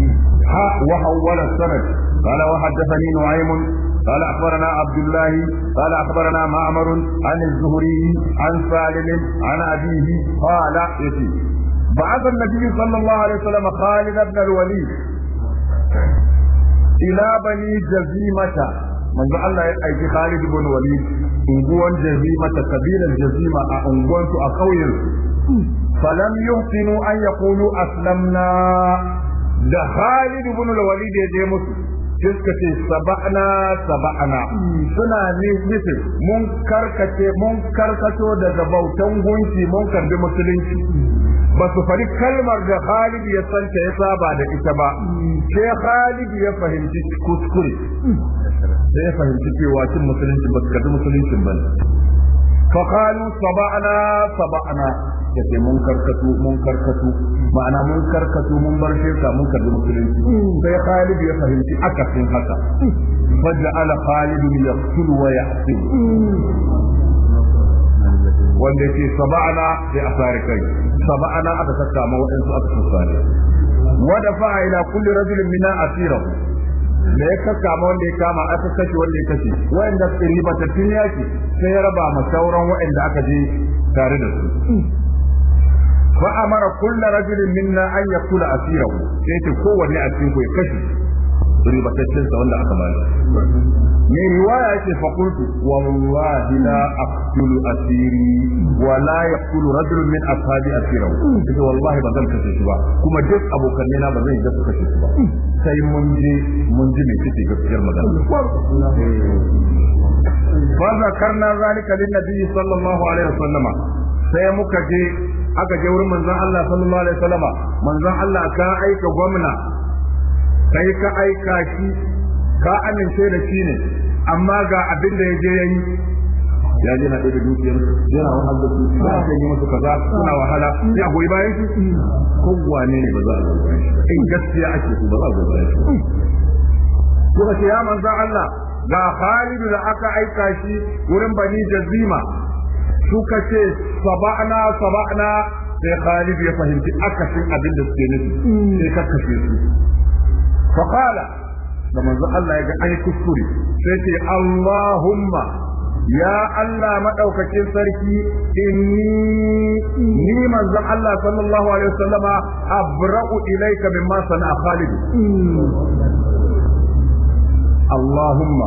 ha wa hawala sanad qala wa haddathani nu'aymun قال أخبرنا عبد الله قال أخبرنا معمر عن الزهري عن سالم عن أبيه قال يتي بعث النبي صلى الله عليه وسلم خالد بن الوليد إلى بني جزيمة manzo Allah ya aiki Khalid ibn Walid unguwan jazima ta jazima a unguwan su a kauyen falam yuhsinu an yaqulu aslamna da Khalid ya je musu sai suka ce saba'ana saba'ana suna nufin mun karkace mun karkato daga bautan gunki mun karbi musulunci ba su fari kalmar da Khalid ya santa ya saba da ita ba sai Khalid ya fahimci kuskure sai ya fahimci cewa cin musulunci ba su karbi musulunci ba fa qalu saba'ana saba'ana da mun karkatu mun karkatu ma'ana mun karkato mun bar shirka mun karbi musulunci sai Khalid ya fahimci sun haka ala Khalid yaqtul wa yahsin wanda ke saba'ana sai a sare kai saba'ana aka saka ma waɗansu aka sare wada fa'a ila kulli rajulin minna asira Me ya ma wanda ya kama aka kashe wanda ya kashe wa'anda su ribatattun yaki sai ya raba ma sauran wanda aka je tare da su wa amara kullu rajulin minna an yakula asirahu sai ce kowanne a cikin ku ya kashe ribataccen sa wanda aka bani mai riwaya yake fa qultu wallahi la aqtulu asiri wa la yaqtulu rajulun min ashabi asirahu kace wallahi ba zan kashe shi ba kuma duk ne na ba zan yi kashe shi ba sai mun je mun ji me kike gaskiyar magana fa zakarna zalika lin nabi sallallahu alaihi wasallama sai muka je aka je wurin manzon Allah sallallahu alaihi wasallama manzon Allah ka aika gwamna kai ka aika shi ka amince da shi ne amma ga abin da ya je yayi ya ji na da dukiyar yana wahal da su ba ta masa kaza suna wahala ya goyi bayan shi wane ne ba za a goyi in gaskiya ake ku ba za a goyi bayan shi kuka ce ya manzon Allah ga Khalidu da aka aika shi wurin Bani Jazima su ka ce saba'na saba'na sai Khalid ya fahimci akasin abin da suke nufi sai ka kashe su fa qala da manzo Allah ya ga ai kuskure sai ce Allahumma ya Allah madaukakin sarki inni ni manzo Allah sallallahu alaihi wasallama abra'u ilayka mimma sana'a Khalid اللهم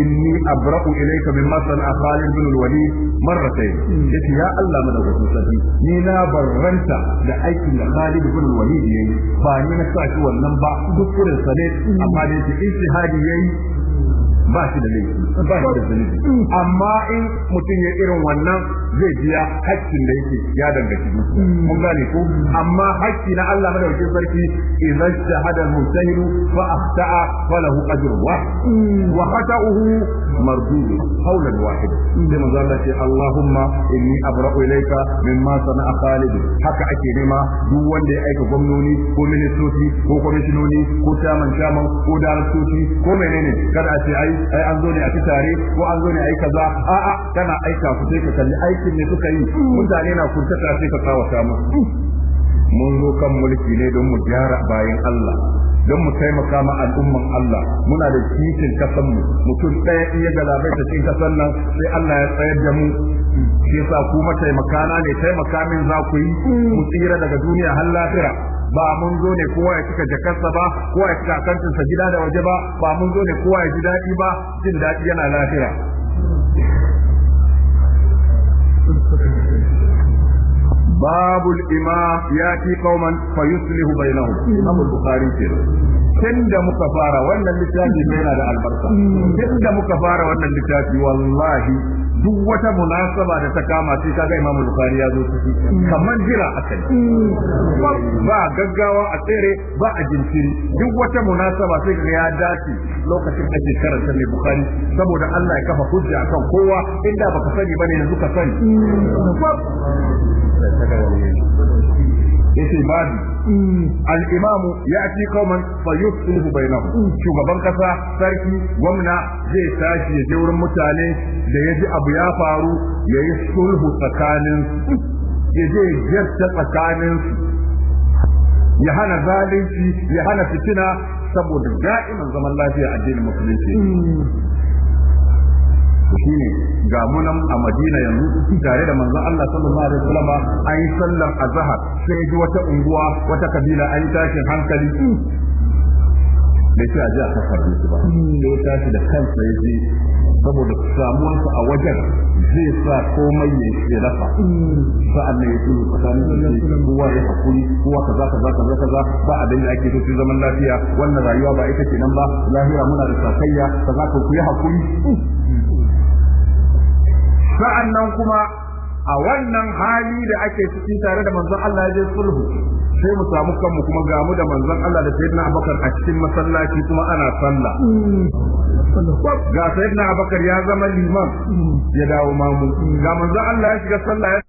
إني أبرأ إليك مما صنع خالد بن الوليد مرتين قلت يا الله من أبو سلفي نينا برنت لأيك خالد بن الوليد يي فانينا ساكي والنبع دكتور الصديق أما ليس إجتهادي يي ba shi da laifi ba shi da zunubi amma in mutum ya irin wannan zai biya hakkin da yake ya dangaci dukiya mun hmm. gane ko amma hakki na Allah madaukakin sarki idan shahada Musa'iru mujtahid fa ahta'a falahu ajrun wa hmm. wa khata'uhu mardud qawlan wahid hmm. sai manzo Allah ce Allahumma inni abra'u ilayka mimma sana'a Khalid haka ake nema duk wanda ya aika gwamnoni ko ministoci ko kwamishinoni ko chairman chairman ko daraktoci ko menene kada a ce ai an zo ne a ci tare ko an zo ne ai kaza a'a kana aika ku sai ka kalli ai aikin ne suka yi mutane na kurtaka sai ka ta mu. mun zo kan mulki ne don mu gyara bayan Allah don mu taimaka ma al'umman Allah muna da titin kasan mu mutum ɗaya iya galabai ta cikin kasan nan sai Allah ya tsayar da mu shi yasa ku taimaka na ne taimaka min za ku yi mu tsira daga duniya har lafira ba mun zo ne kowa ya cika jakarsa ba kowa ya cika kantinsa gida da waje ba ba mun zo ne kowa ya ji daɗi ba jin daɗi yana lafira باب الإمام يأتي قوما فيصلح بينهم أبو البخاري كده tunda muka fara wannan littafi mai yana da albarka tunda muka fara wannan littafi wallahi duk wata munasaba da ta kama sai kaga Imam Bukhari ya zo ciki kamar jira a kai ba gaggawa a tsere ba a jinkiri duk wata munasaba sai kaga ya dace lokacin ake karanta mai Bukhari saboda Allah ya kafa hujja akan kowa inda baka sani bane yanzu ka sani yace babu mm. al-imamu ci qauman fa yuslihu bainahum mm. shugaban kasa sarki gwamna zai tashi ya je wurin mutane da yaji abu ya faru ya yi sulhu tsakanin ya je jatta tsakanin ya hana zalunci ya hana fitina saboda ga'iman zaman lafiya addinin musulunci mm. ne ga munan a Madina yanzu tare da manzon Allah sallallahu alaihi wasallam an yi sallar azhar sai ji wata unguwa wata kabila an tashin hankali bai ce a ji a kafar su ba ya tashi da kansa ya je saboda samuwarsa a wajen zai sa komai ya ce rafa sa'an nan ya ce tsakanin da kowa ya hakuri kowa kaza kaza kaza kaza ba abin da ake tafi zaman lafiya wannan rayuwa ba ita ce nan ba lahira muna da sakayya kaza ku yi hakuri sa'annan kuma a wannan hali da ake ciki tare da manzon Allah ya je sulhu sai mu samu kanmu kuma ga mu da manzon Allah da sayyidina Abubakar a cikin masallaci kuma ana sallah mm. ga sayyidina Abubakar ya zama liman ya dawo mamu ga manzon Allah ya shiga sallah ya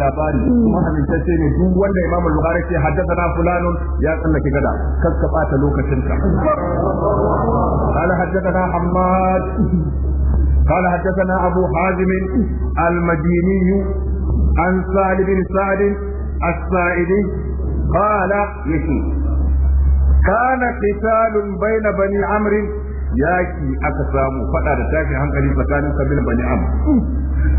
labari kuma amintacce ne duk wanda Imam Bukhari ce haddathana fulanun ya tsallake gada kakka bata lokacin ka قال حدثنا حماد قال حدثنا أبو حازم المديني عن سعد بن سعد السائدي قال يكي كان قتال بين بني عمرو yaki aka samu faɗa da tashin hankali tsakanin kabilan bani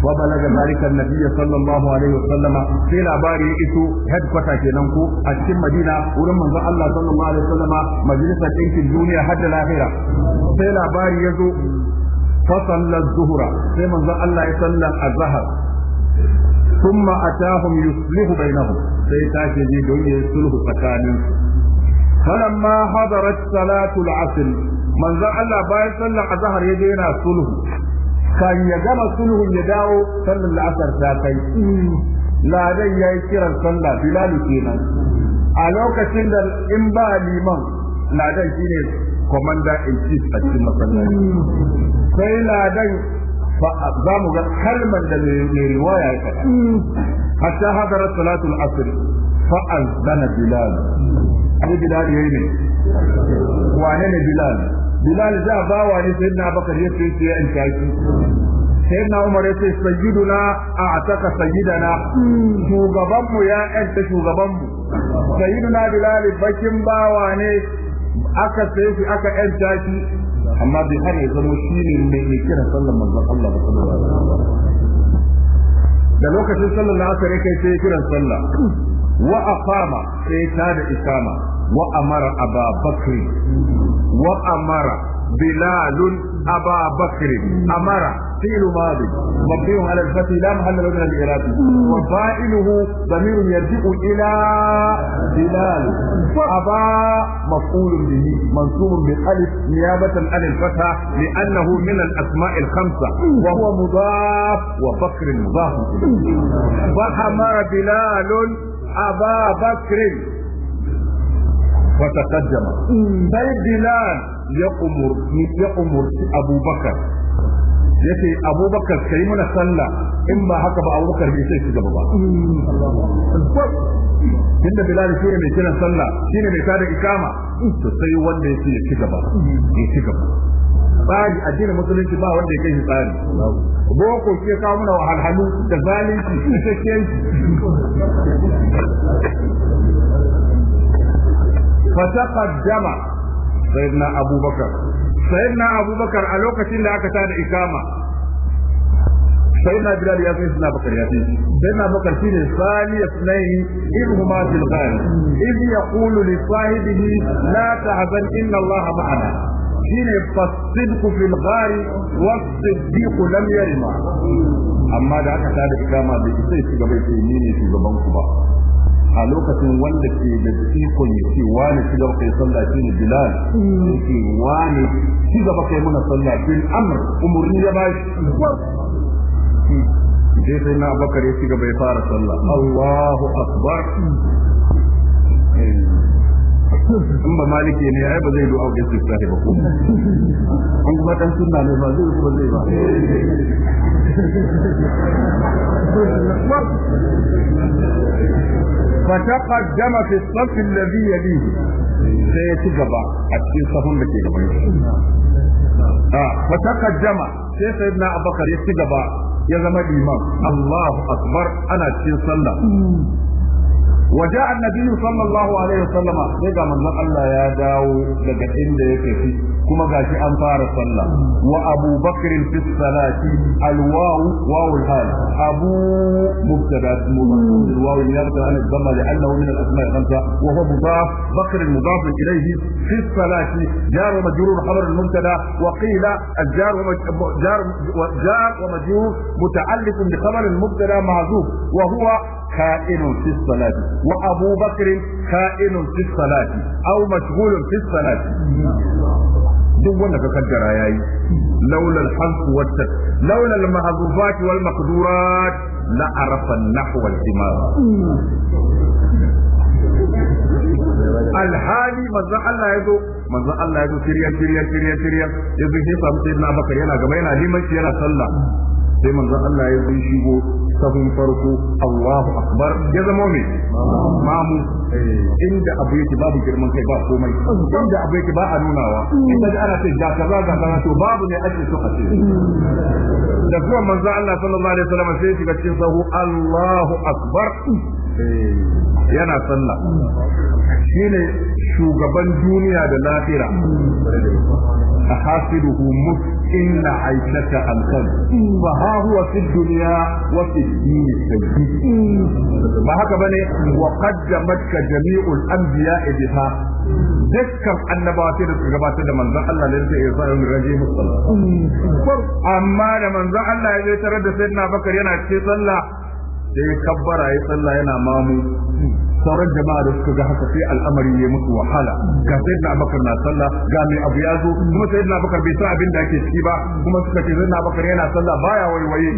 wa balaga zalika annabi sallallahu alaihi wasallam sai labari ya iso headquarter kenan ko a cikin Madina wurin manzon Allah sallallahu alaihi wasallam majalisar ɗinkin duniya har da lahira sai labari ya zo فصلى الظهر كما قال الله يصلى الظهر ثم أتاهم يصلح بينهم سيتاكي دي دنيا يصلح فكاني فلما حضرت صلاة العصر من الله باي صلى الظهر يجينا صلح kan ya gama sulhun ya dawo sallar la'asar ta kai ladan ya yi kiran sallah bilal kenan a lokacin da in ba liman ladan shine komanda in chief a cikin masallaci sai ladan za mu ga kalmar da mai riwaya ya faɗa hatta hadarar salatul asr fa'azzana bilal abu bilal yayi ne wane ne bilal bilal za wa ne sai na baka ya sai sai an taki sai na umar ya ce sayyiduna a taka sayyidana shugaban mu ya yanta shugaban mu sayyiduna bilal bakin bawa ne aka sai shi aka yanta shi amma bai har ya zama shi ne mai kira sallan manzon Allah sallallahu alaihi wasallam da lokacin sallar na ya kai sai kiran sallah wa aqama sai ta da ikama wa amara aba bakri وأمر بلال أبا بكر أمر فعل ماضي مبني على الفتح لا محل له من الإعراب وفاعله ضمير يرجع إلى بلال أبا مفعول به منصوب بالألف نيابة عن الفتح لأنه من الأسماء الخمسة وهو مضاف وبكر مضاف وأمر بلال أبا بكر وتقدم سي بلال يأمر يأمر أبو بكر yace abubakar kai mana sallah in ba haka ba abubakar bai sai gaba ba tunda bilal shi ne mai kiran sallah shi ne mai tada ikama to sai wanda yake ya shiga ba ya shiga ba tsari addinin musulunci ba wanda ya kai shi tsari boko ke kawo mana wahalhalu da zalunci shi sai fataqaddama sayyidina abubakar sayyidina abubakar a lokacin da aka tada ikama sayyidina bilal ya sai suna bakar ya sai sayyidina bakar shine sani sunai in huma fil ghar iz yaqulu li sahibihi la tahzan inna allaha ma'ana shine fasidku fil ghar was-siddiq lam yarma amma da aka tada ikama bai sai shi gaba ba a lokacin wanda ke da ikon ya ce wani ci gaba kai sallah shi ne bilal ya ce wani shiga gaba kai muna sallah shi ne amur umarni ya bashi sai sai na abakar ya shiga bai fara sallah Allahu akbar in ba maliki ne ai ba zai do auke su sai ba ko an kuma dan sunna ne ba zai ba zai ba فتقدم في الصف الذي يليه سيتجبى أتكين صفن بكي آه فتقدم سيدنا أبو بكر يتجبى ya zama liman Allahu akbar ana cikin sallah hmm. وجاء النبي صلى الله عليه وسلم daga manzon Allah ya dawo daga inda ya tafi kuma gashi an fara sallah wa Abu Bakr fi salati Abu mubtada ismu al waw yabda an dhamma li annahu min al asma' al wa huwa mudaf Bakr al mudaf ilayhi fi salati jar wa majrur khabar wa كائن في الصلاة وأبو بكر كائن في الصلاة أو مشغول في الصلاة duk wanda ka kaddara yayi laula al-halq wa laula al-mahdhufat arafa alhali manzon Allah ya zo manzon Allah ya zo tiryan tiryan tiryan tiryan ya zo sai samu na Abubakar yana gaba yana limanci yana sallah sai manzon Allah ya zo shigo sahun farko Allahu akbar ya zama me mamu eh, inda abu yake babu girman kai ba komai inda abu yake ba a nunawa inda ana ce da kaza da kaza to babu ne ake so a ce da kuma manzo Allah sallallahu alaihi wasallam sai shiga cikin sahu Allahu akbar eh, yana sallah shine shugaban duniya da lafira a hasiruhu mus inna aishata alkan fa ha huwa fi dunya wa fi dini sayyid ba haka bane wa qaddamatka jami'ul anbiya biha dukkan annabawa da suka gabatar da manzon Allah da ya sa yin raje amma da manzon Allah ya tarar da sayyidina Bakar yana ce sallah sai kabbara ya sallah yana mamu sauran jama'a da suka ga haka sai al'amari ya mutu wahala ga na bakar na sallah ga mai abu ya zo kuma na bakar bai san abin da ake ciki ba kuma suka ce na bakar yana sallah baya waiwaye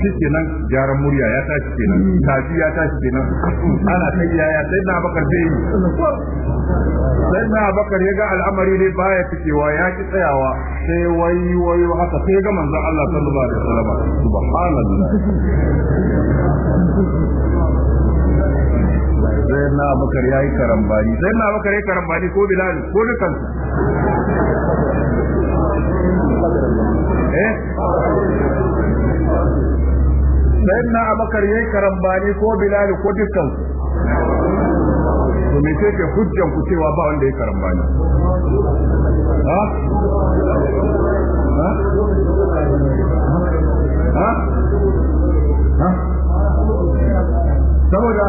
shikenan gyaran murya ya tashi kenan tafi ya tashi kenan ana kai yaya na bakar zai yi na bakar ya ga al'amari ne baya fikewa ya ki tsayawa sai wayi wayo haka sai ga manzon Allah sallallahu alaihi wasallam subhanallah sai na abakar ya yi karambani ko bilal ko eh na karambani ko bilal ko su to me ce hujjan ku ba wanda ya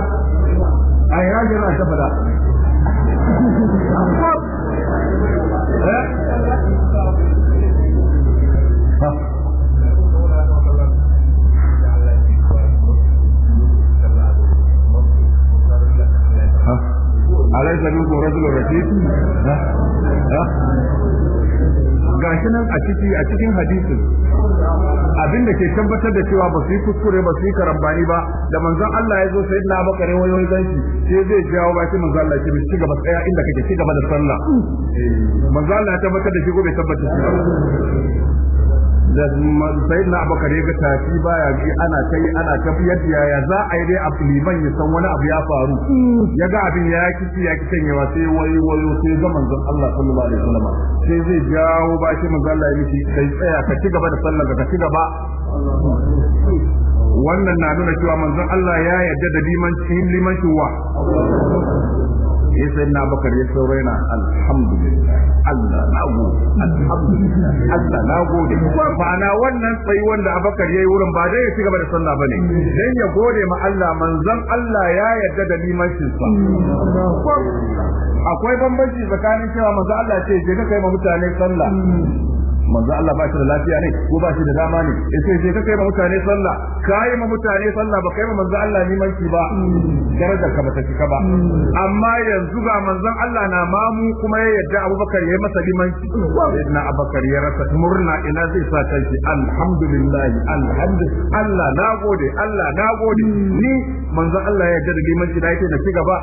a ina jama'a ta fada أليس nan a cikin hadisin abin da ke tabbatar da cewa ba su yi kuskure ba su yi karambani ba da manzon Allah ya zo sai na bakare wayoyi ganki sai zai jawo ba shi manzon Allah ke bi ci gaba tsaya inda kake ci gaba da sallah eh, manzon Allah ya tabbatar da shi ko bai tabbatar da shi da na abu ya ga tafi baya bi ana kai ana tafiyar yadda yaya za a yi dai a liman ya san wani abu ya faru ya ga abin ya kici ya kici yawa sai wayo wayo sai ga zan Allah sallallahu alaihi wasallam sai zai jawo bashi manzon Allah ya miki sai tsaya ka ci gaba da sallar ka ci gaba wannan na nuna cewa manzon Allah ya yarda da limanci limanci wa ya sai na bakar ya saurayi na alhamdulillah Allah na gode alhamdulillah Allah na gode ma'ana wannan tsayi wanda abakar ya yi wurin ba dai ya ci gaba da sallah ba ne, dan ya gode ma Allah manzon Allah ya yarda da limancin sa akwai bambanci tsakanin cewa manzon Allah ce je ka kai ma mutane sallah manzo Allah ba shi da lafiya ne ko ba shi da dama ne sai sai ka kai ma mutane sallah kai ma mutane sallah ba kai ma manzo Allah manki ba darajar ka bata cika ba amma yanzu ga manzo Allah na mamu kuma ya yadda Abubakar ya yi masa limanci sayyidina Abubakar ya rasa murna ina zai sa kanki alhamdulillah alhamdulillah Allah nagode Allah nagode ni manzo Allah ya yadda da limanci da yake da ci gaba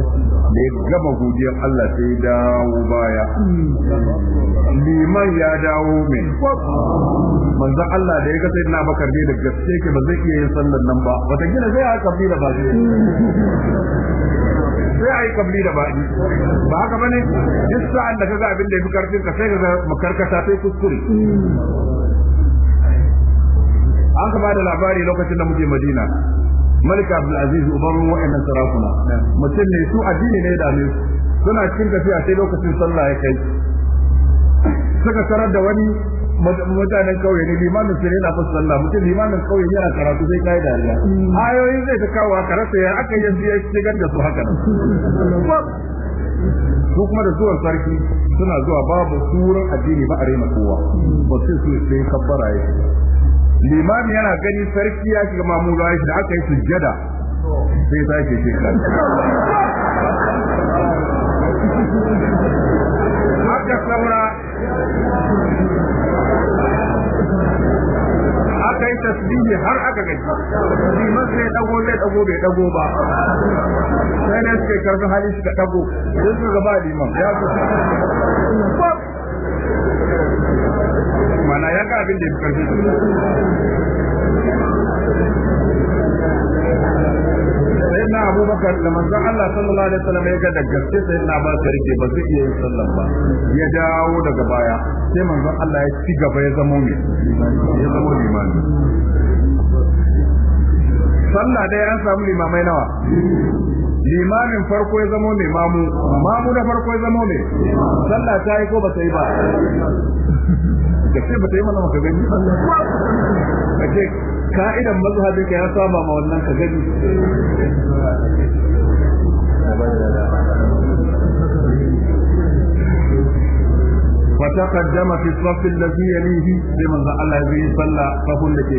da ya gaba godiyar Allah sai dawo baya liman ya dawo min manzan Allah da ya ga na bakar ne da gaske ke ba zai iya yin sallar nan ba wata gina zai a kabli da baji sai a yi kabli da baji ba haka bane duk sa'an da kaga abin da ya fi karfin ka sai ka ga makarkata sai kuskure an ka ba da labari lokacin da muke Madina malik abdul aziz uban wa'annan sarakuna mutum ne su addini ne da ne suna cikin tafiya sai lokacin sallah ya kai suka tarar da wani mutanen kauye ne limanin sai yana fasa sallah mutum limanin kauye yana karatu zai kai dariya mm. ayoyi zai ta kawo karatu ya aka yi ya shigar da su haka nan su kuma da zuwan sarki suna zuwa babu suran addini ba a rena kowa ba mm. sai su sai kabbara ya limami yana gani sarki ya shiga mamudu ya da aka yi sujjada sai sake shi haka saura aka yi tasbihi har aka gaji liman sai dago sai dago bai dago ba sai ne suke karbi hali suka dago sai suka gaba liman ya fi ana ya ga abin da ya fi Sai na abubakar da manzo Allah sallallahu alaihi wasallam ya ga daga gaske na ba ka rike ba su iya yin sallan ba ya dawo daga baya sai manzo Allah ya ci gaba ya zamo mu ya zamo limami sallah dai an samu limamai nawa limamin farko ya zamo mai mamu mamu da farko ya zamo mai sallah ta yi ko ba ta yi ba ka ce ba ta yi mana maka gani a ce ka'idan ka ya saba ma wannan ka gani فتقدم في الصف الذي يليه لمن الله يزيه صلى فهم لك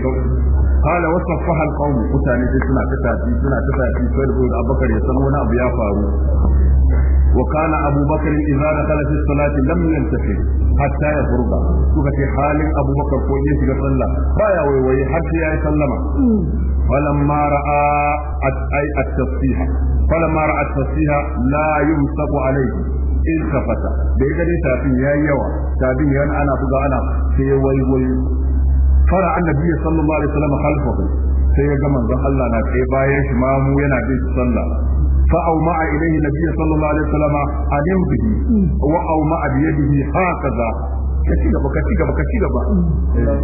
قال suna القوم متاني سنة تتاتي سنة تتاتي ya أبو بكر يسمون أبو يافارو وكان أبو بكر إذا دخل في الصلاة لم ينتفع حتى يفرغ سوف في حال أبو بكر فوجيه في صلى فيا ويوي حتى يسلم فلما رأى أي التصفيح فلما رأى التصفيح لا يمسك عليه in kafata da ya gani tafin ya yi yawa tafin ya ana buga ana sai ya waiwayo fara annabi sallallahu alaihi sai ya ga manzon Allah na kai bayan shi yana bin sallah فأومع إليه النبي صلى الله عليه وسلم عليه به وأومع بيده هكذا كثيرا وكثيرا وكثيرا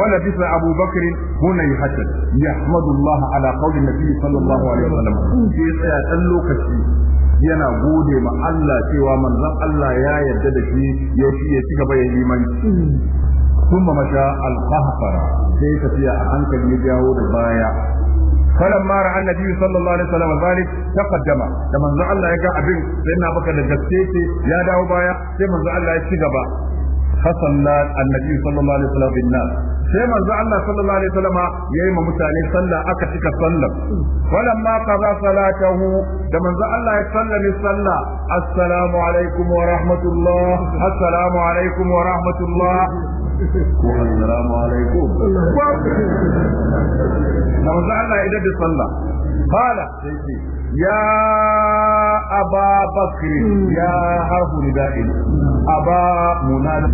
ولبث أبو بكر هنا يحسن يحمد الله على قول النبي صلى الله عليه وسلم في سيأتلو كثير yana gode ma Allah cewa manzon Allah ya yarda da shi ya shi ya ci gaba ya limanci kuma masha al-qahfara sai tafiya a hankali ya dawo da baya فلما راى النبي صلى الله عليه وسلم ذلك تقدم لما الله يجا ابن سيدنا بكر da gaske ce ya dawo baya sai manzo Allah ya ci gaba fasanna annabi sallallahu alaihi wasallam bin nas sai manzo Allah sallallahu alaihi wasallam yayi ma mutane sallah aka cika sallah walamma qada salatahu da manzo Allah ya sallami sallah assalamu alaikum wa rahmatullah assalamu alaikum wa rahmatullah assalamu alaikum manzo Allah ya da sallah qala sai يا أبا بكر يا حرف نداء أبا منادى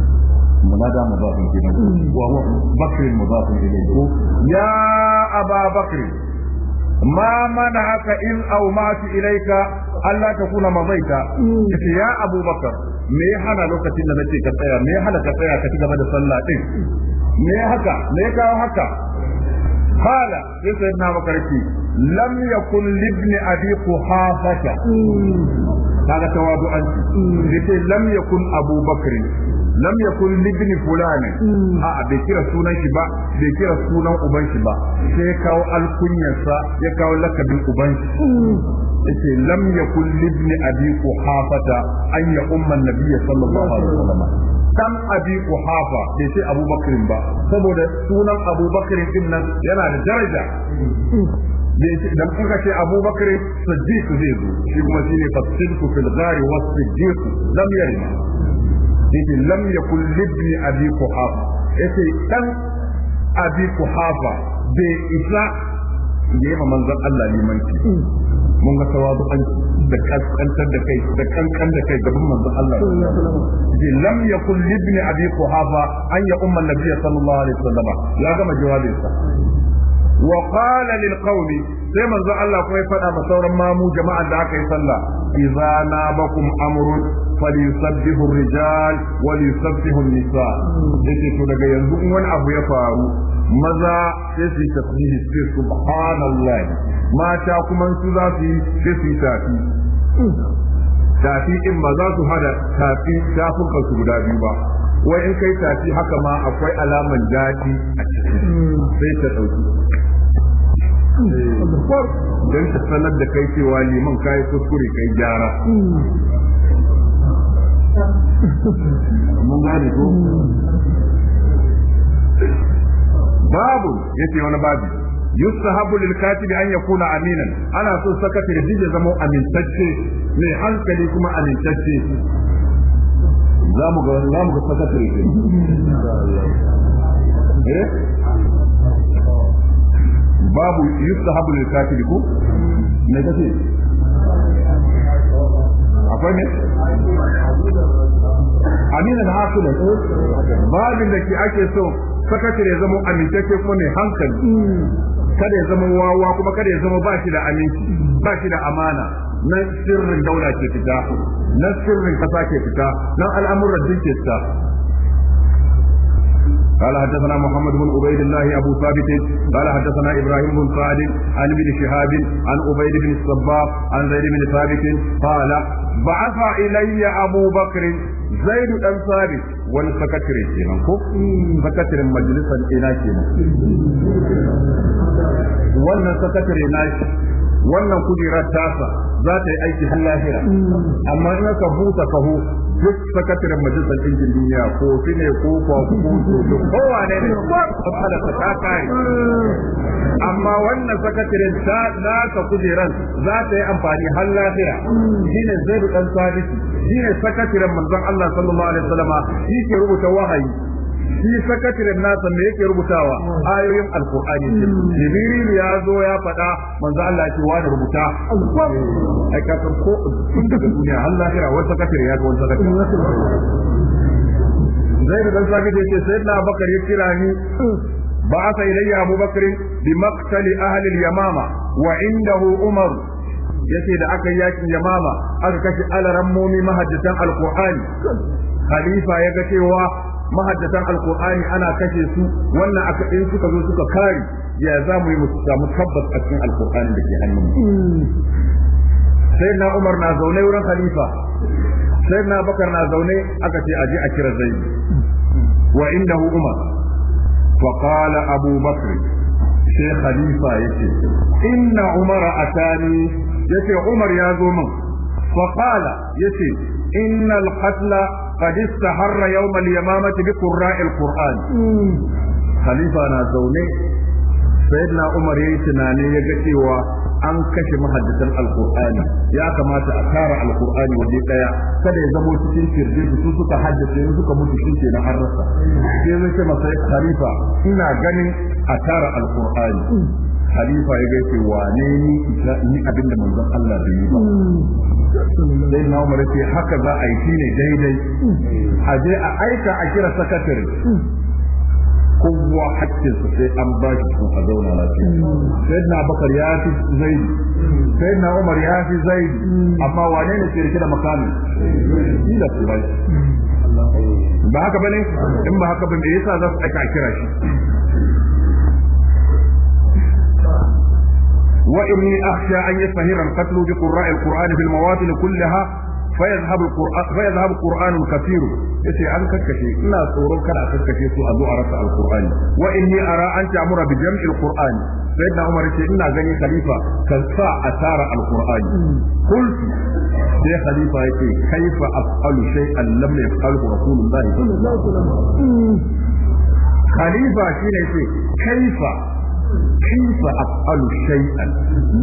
منادى مضاف إليه وهو بكر مضاف إليه يا أبا بكر ما منعك إن مات إليك ألا تكون مضيت يا أبو بكر me ya hana lokacin da nake ka tsaya me ya hana ka tsaya ka ci gaba da sallah din me haka me ya kawo haka sai لم يكن libni abi quhafata هذا تواضع an لم يكن yakun بكر لم يكن لابن فلان a bai kira sunan shi ba bai kira sunan uban shi ba ya kawo alkunyarsa ya kawo lakabin uban shi yace lam yakun libni abi quhafata an ya umman dan abi quhafa bai ce abubakar ba saboda sunan abubakar din nan yana da daraja dan kuka ce abubakar siddiq zai zo shi kuma shine fasidku fil ghari was siddiq lam yarid yake lam yakul libni abi kuhafa yace dan abi kuhafa bai isa ya yi manzon Allah limanci mun ga tawadu an da kaskantar da kai da kankan da kai gaban manzon Allah ji lam yakul libni abi quhafa an ya umma nabiyyi sallallahu alaihi wasallam ya gama jawabinsa wa qala lil sai manzo Allah kuma ya faɗa ma sauran mamu jama'a da aka yi sallah idza nabakum amrun falyusabbihu rijal wa yusabbihu nisa yace to daga yanzu in wani abu ya faru maza sai su tasbihi sai subhanallah mata kuma su za su yi sai su tafi tafi in ba za su hada tafi tafukan su guda biyu ba wai in kai tafi haka ma akwai alaman daɗi a cikin sai ta ɗauki Eh, don ta sanar da kai cewa liman kayi kuskure kai gyara mun gane ko babu yace wani babu yusahabu lil katibi an yakuna aminan ana so sakatare dije zama amintacce ne hankali kuma amintacce za mu ga zamu ga sakatare eh babu yustahabu lil kafiri ko me kace akwai ne amina da ko eh? babin da ke ake so sakatare zama amintacce kuma ne hankali kada ya zama wawa kuma kada ya zama ba shi da aminci ba da amana na sirrin daula ke fita na sirrin kasa ke fita na al'amuran din ke fita قال حدثنا محمد بن عبيد الله ابو ثابت قال حدثنا ابراهيم بن سعد عن ابن شهاب عن عبيد بن الصباح عن زيد بن ثابت قال بعث الي ابو بكر زيد بن ثابت wani sakatare kenan ko sakataren majalisar ina kenan wannan sakatare na wannan kujerar tasa za ta yi aiki har lahira amma in ka busa kaho duk sakataren majalisar ɗinkin duniya ko su ne ko kwafi ko kowa ne ne matsalar ta kare amma wannan sakataren ta naka kujeran za ta yi amfani har lafiya shine zai ɗan sadiki shine sakataren manzon Allah sallallahu alaihi wasallama shi ke rubuta wahayi shi sakatirin nasa me yake rubutawa ayoyin alkur'ani jibril ya zo ya faɗa manzo Allah ya ce wa da rubuta ai ka san ko tun daga duniya har lahira wani sakatire ya ga wani sakatire zai da dan sabi da yace sayyidina abubakar ya kira ni بعث إلي أبو بكر بمقتل yamama." Wa وعنده Umar yace da aka yakin yamama aka kashe alaran momi mahaddisan alkur'ani khalifa ya ga cewa mahaddasan alkur'ani ana kashe su wannan aka in suka zo suka kare ya za mu yi mu samu tabbas a cikin alkur'ani da ke hannun mu? sai na umar na zaune wurin khalifa sai na bakar na zaune aka ce aje a kira zai wa indahu umar fa qala abu bakr sai khalifa yace inna umar atani yace umar ya zo min fa qala yace al qatla qad istaharra yawm al-yamamati bi qurra'il qur'an khalifa na zaune sayyidina umar yayi tunani ya ga cewa an kashe mahaddisan alqur'ani ya kamata a tara alqur'ani waje ɗaya. kada ya zamo cikin kirje su suka haddace su suka mutu shi ke na harrasa sai khalifa ina ganin a tara alqur'ani halifa ya gaishe wane ni ni abinda manzon Allah bai yi ba sai na umar ce haka za a yi shine daidai a je a aika a kira sakatare kowa hakkinsa sai an ba shi sun a zauna lafiya sai na bakar ya fi zaidi sai na umar ya fi zaidi amma wane ne ke rike da makami shi da su ba haka bane in ba haka ba me yasa za su aika a kira shi وإني أخشى أن يستهر القتل بقراء القرآن في المواطن كلها فيذهب القرآن فيذهب قرآن كثير يتي عن كشي لا صور كان كشي سو أبو أرس القرآن وإني أرى أن تعمر بجمع القرآن سيدنا عمر يتي إنا غني خليفة كالساعة أثار القرآن قلت يا خليفة يتي كيف أفعل شيئا لم يفعله رسول الله صلى الله عليه وسلم خليفة شيء يتي كيف كيف أفعل شيئا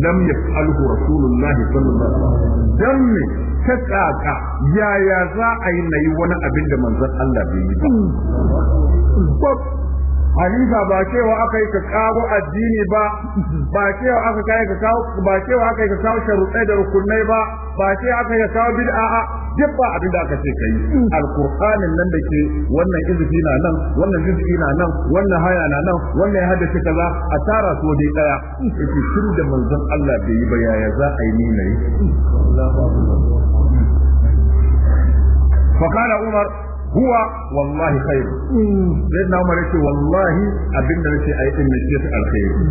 لم يفعله رسول الله صلى الله عليه وسلم دمي تتاكا يا يا ذا أين يوانا أبن من ذا الله بيه halifa ba cewa aka yi ka kawo addini ba ba cewa aka kai ka kawo ba cewa aka yi ka kawo sharuɗai da rukunai ba ba ce aka yi ka kawo bid'a a duk ba abin da aka ce kai alqur'anin nan da ke wannan izifi na nan wannan jiz'i na nan wannan haya na nan wannan ya haddace kaza a tara su dai daya yake shiru da manzon Allah bai yi ba yaya za a yi ni nayi Fakala Umar huwa wallahi khairu sai na umar yace wallahi abinda nake aikin ne ce alkhairu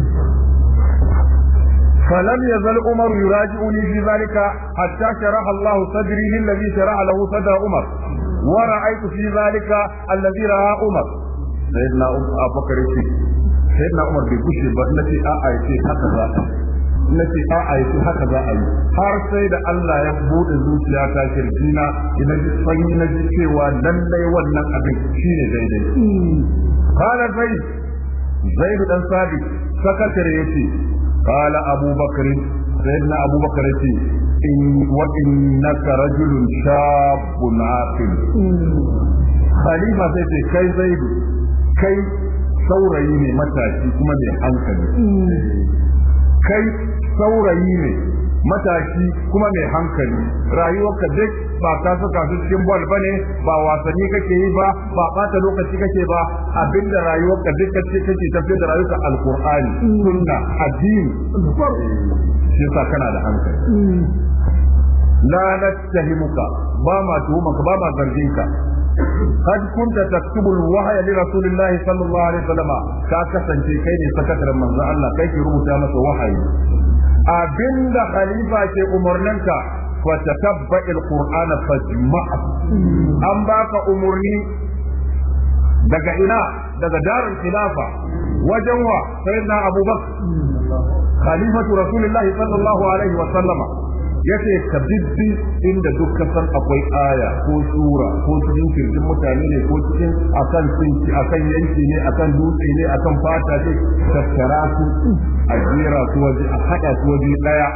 فلم يزل عمر يراجعني في ذلك حتى شرح الله صدري للذي شرح له صدر عمر ورأيت في ذلك الذي رأى عمر سيدنا أبو بكر سيدنا عمر بيقول بس نتي آآ آه آه آه na ce a a yi haka za a yi har sai da Allah ya bude zuciya ta kirji na ina ji sanyi na ji cewa lallai wannan abin shine daidai Kala Zaidu, zaid dan sabi sakatare yace qala abubakar sayyidina abubakar yace in wa innaka rajulun shabun aqil khalifa zai ce kai Zaidu kai saurayi ne matashi kuma mai hankali mm. kai saurayi ne matashi kuma mai hankali rayuwarka duk ba ta saka su cikin bol bane ba wasanni kake yi ba ba bata lokaci kake ba abinda rayuwarka duk kace kake tafiyar da rayuwarka alqur'ani sunna addini shi sa kana da hankali la nattahimuka ba ma tuhumaka, ba ma zarginka قد كنت تكتب الوحي لرسول الله صلى الله عليه وسلم kai ne كيني سكتر من الله كيف rubuta تامس وحي abinda khalifa ke umarninka fatakabba alqur'ana fajma'a an ba ka umarni daga ina daga darul khilafa wajen wa sayyidina abubakar khalifatu rasulillahi sallallahu alaihi wa sallama Yake ka bibbi inda duk ka san akwai aya ko sura ko cikin kirjin mutane ne ko cikin akan sinci akan yanki ne akan dutse ne akan fata ce tattara su a jera su waje a hada su waje daya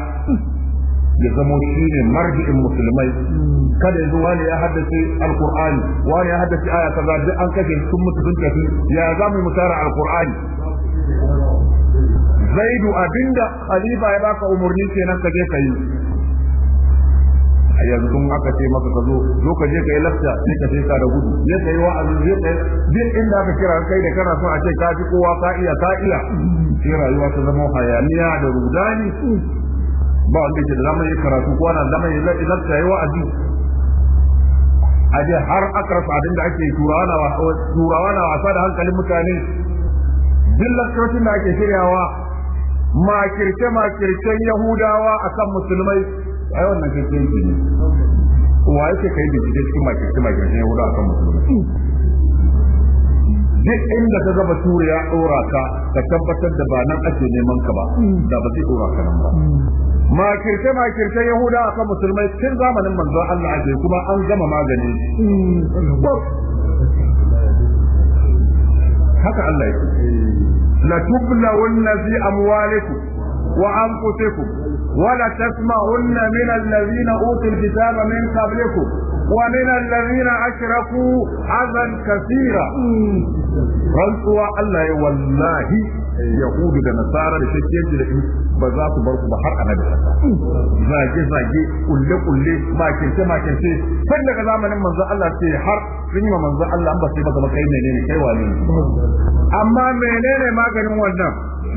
ya zamo shi ne marji'in musulmai kada yanzu wani ya haddace alkur'ani wani ya haddace aya kaza duk an kashe sun mutu sun tafi ya za mu mutara alkur'ani zaidu abinda khalifa ya baka umarni kenan ka je ka yi yanzu aka ce maka ka zo zo ka je ka yi lafta sai ka sai ka da gudu Zai ka yi wa'azi je ka duk inda aka kira kai da kana son a ce ka ji kowa ka iya ka iya sai rayuwa ta zama hayaniya da rudani ba wanda ke da zama yi karatu ko na zama yi lafta yi wa'azi a je har aka rasa da ake turawa na wasa da hankalin mutane duk lakcocin da ake shiryawa makirce-makircen yahudawa akan musulmai ai wannan kai tsaye ne wa yake kai bincike cikin makirce makirce ne wuda akan musulmi duk inda ka zama tura ya ɗora ka ka tabbatar da ba nan ake neman ka ba da ba zai ɗora ka nan ba makirce makirce yahuda akan musulmai cikin zamanin manzon Allah ake kuma an gama magani haka Allah ce la tubla wan nazi amwalikum wa anfusikum ولا تسمعن من الذين أوتوا الكتاب من قبلكم ومن الذين أشركوا أذى كثيرا رنسوا الله والله يقول لنصارى لشكيتي لكن بذات برضو بحر أنا بحر زاجي زاجي قل قل ما كنت ما كنت فإن كذا من منزل الله في حر فإن منزل الله أنبس بذات بقيمة لين كيوانين أما منين ما كان هو النام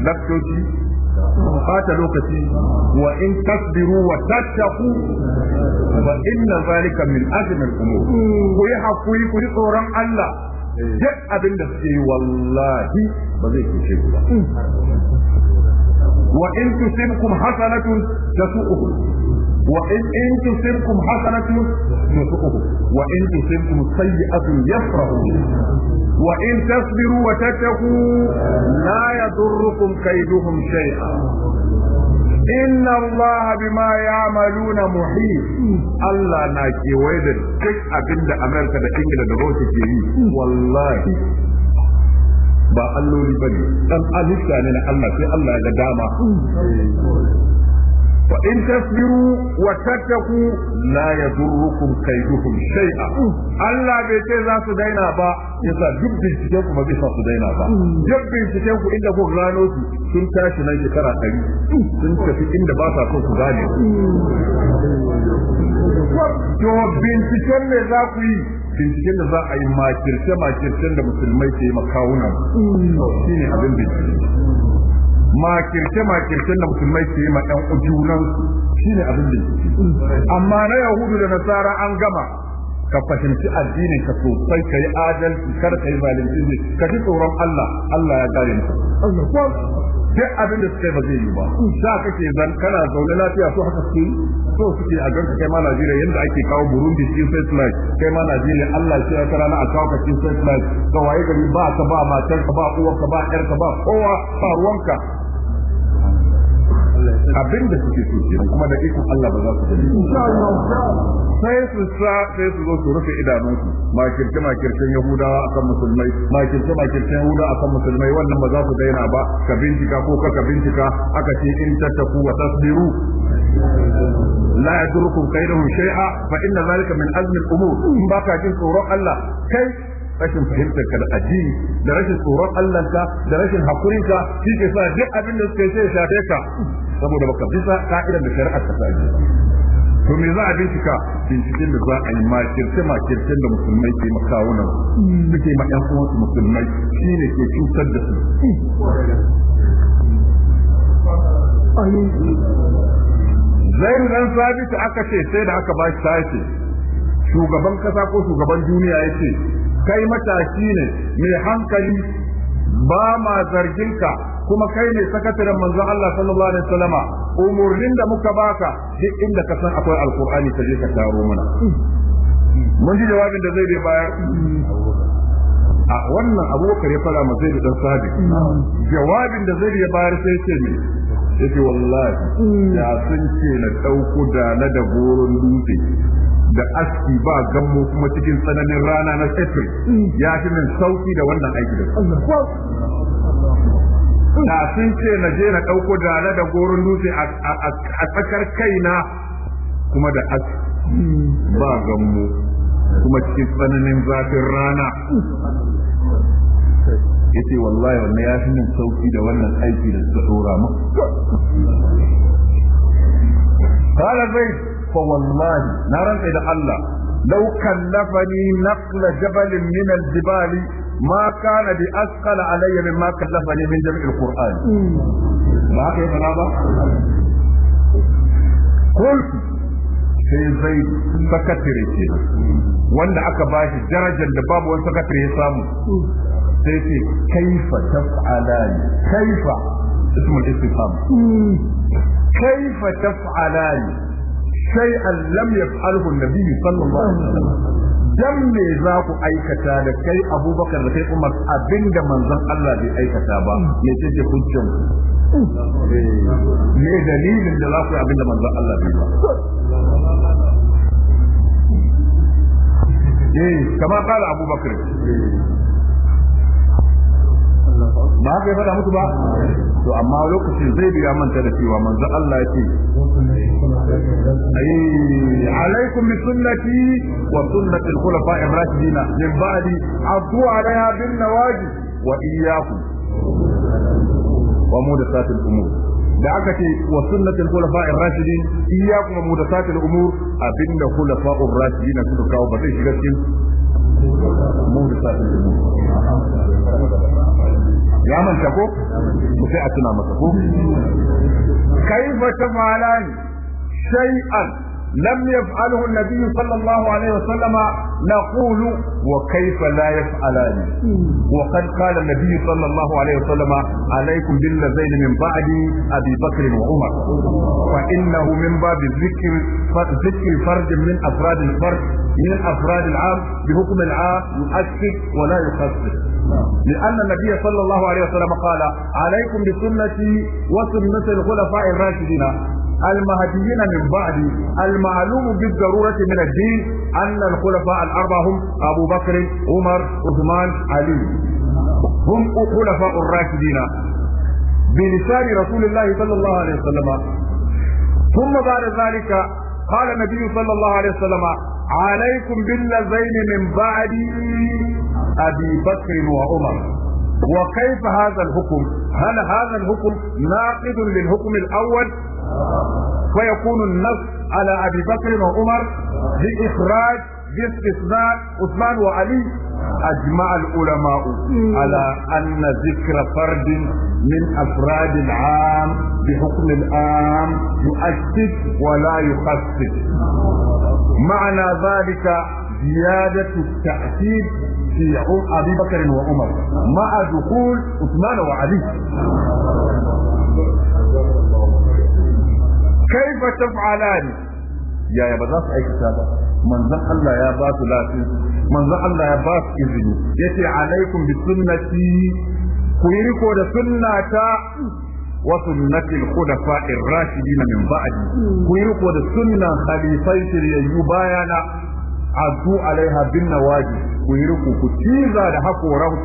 لكتوتي bata lokaci wa in tasbiru wa tattaqu fa inna zalika min azmi al-umur ku yi hakuri ku tsoron Allah duk abin da suke yi wallahi ba zai kushe ku ba wa in tusibkum hasanatun uku. وإن إن تصبكم حسنة يسؤه وإن تصبكم سيئة يفرح وإن تصبروا وتتقوا لا يضركم كيدهم شيئا إن الله بما يعملون محيط الله ناكي ويدن تك أبند أمريكا دا إنجل دا روشي والله ba alloli bane dan alista ne na Allah sai Allah ya ga dama فإن تصبروا وتتقوا لا يضركم كيدهم شيئا الله بيتي ذات دينا با يسا جب بنتكيكم ما بيسا دينا با جب بنتكيكم إن كو غانو سن تاشي نان كرا تاني سن تفي إن باسا كو غاني جو binciken ne za ku yi binciken da za a yi makirce makircen da musulmai ke yi makawunan shi ne abin bincike makirce makircen da musulmai ke yi ma ɗan ujunan ne abin da amma na yahudu da nasara an gama ka fahimci addini ka sosai ka yi adalci kar ka yi zalunci ne ka ji tsoron Allah Allah ya gare ka sai abin da suka yi ba zai yi ba da kake zan kana zaune lafiya so haka su so suke a ganka kai ma Najeriya yanda ake kawo Burundi cikin first life kai ma Najeriya Allah shi ya rana a kawo ka cikin first life ka waye gari ba ka ba matar ka ba uwar ka ba yar ka ba kowa ba ka. abin da suke so kenan kuma da ikon Allah ba za su gani sai su sa sai su zo su rufe idanunsu makirce makircen yahudawa akan musulmai ma makirce makircen yahudawa akan musulmai wannan ba za su daina ba ka bincika ko ka ka bincika aka ce in tattaku wa tasbiru la yadurkum kaidahum shay'a fa inna zalika min azmi al-umur ba ka jin tsoron Allah kai rashin fahimtar ka da addini da rashin tsoron Allah ka da rashin hakurinka shi ke sa duk abin da suke sai shafe ka saboda baka bisa ka'idar da shari'ar ta sai to me za a bincika binciken da za a yi ma kirce ma kirce da musulmai ke makawunan suke ma yan uwansu musulmai shine ke cutar da su zairu dan ta aka ce sai da aka ba shi sashi shugaban kasa ko shugaban duniya yake kai matashi ne mai hankali ba ma zarginka kuma kai ne sakataren manzon Allah sallallahu alaihi wasallama umurnin da muka baka duk inda ka san akwai alqur'ani ka je ka taro mana mun ji jawabin da zai bai bayar a wannan abubakar ya fara ma zai dan sabi jawabin da zai bayar sai ce me yake wallahi ya sun ce na dauko da na da goron dutse da aski ba gammo kuma cikin tsananin rana na April ya fi min sauki da wannan aiki da da sun ce na je na ɗauko dala da goron dutse a tsakar kaina kuma da as ba gammu kuma cikin tsananin zafin rana yace wallahi wannan ya fi min sauki da wannan aiki da suka dora mu kala zaid fa wallahi na rantsa da Allah law kallafani naqla jabalin min al-jibali ma kana bi asqala alayya mimma kallafani min jami'il qur'an ba haka yana ba qultu sai zai sakatare ce wanda aka bashi darajar da babu wani sakatare ya samu sai ce kaifa taf'alani kaifa ismul istifham kaifa taf'alani shay'an lam yaf'alhu dan me za ku aikata da kai abubakar da kai umar abinda manzon Allah bai aikata ba me take hujjan me dalilin da za ku abinda manzon Allah bai ba eh kama kala abubakar ba ka yi faɗa musu ba to amma lokacin zai biya manta da cewa manzo Allah ya ce عليكم بسنتي وسنة الخلفاء الراشدين من بعد عضوا عليها بالنواجذ وإياكم ومودسات الأمور da aka ce wa sunnatul khulafa'ir rashidin iyyakum wa mudasatil umur abinda khulafa'ur rashidin suka kawo ba zai shiga cikin mudasatil umur ya manta ko sai a tuna masa ko شيئا لم يفعله النبي صلى الله عليه وسلم نقول وكيف لا يفعلان وقد قال النبي صلى الله عليه وسلم عليكم بالذين من بعد ابي بكر وعمر فانه من باب الذكر ذكر فرد من افراد الفرد من افراد العام بحكم العام يؤكد ولا يخصص لأن النبي صلى الله عليه وسلم قال عليكم بسنتي وسنة الخلفاء الراشدين المهديين من بعدي المعلوم بالضرورة من الدين أن الخلفاء الأربعة هم أبو بكر عمر عثمان علي هم خلفاء الراشدين بلسان رسول الله صلى الله عليه وسلم ثم بعد ذلك قال النبي صلى الله عليه وسلم عليكم بالذين من بعد أبي بكر وعمر وكيف هذا الحكم هل هذا الحكم ناقض للحكم الأول فيكون النص على ابي بكر وعمر باخراج باستثناء عثمان وعلي اجمع العلماء على ان ذكر فرد من افراد العام بحكم العام يؤكد ولا يخفف معنى ذلك زياده التاكيد في ابي بكر وعمر مع دخول عثمان وعلي kaifa taf'alani yaya ba za su aikata ba manzon Allah ya basu su lafiya manzon Allah ya ba su izini yace alaikum bi sunnati ku yi riko da sunnata wa sunnati al-khulafa'ir rashidin min ba'di ku yi riko da sunnan khalifai shiryayyu bayana azu alaiha bin nawaji ku yi riko ku ciza da hakoran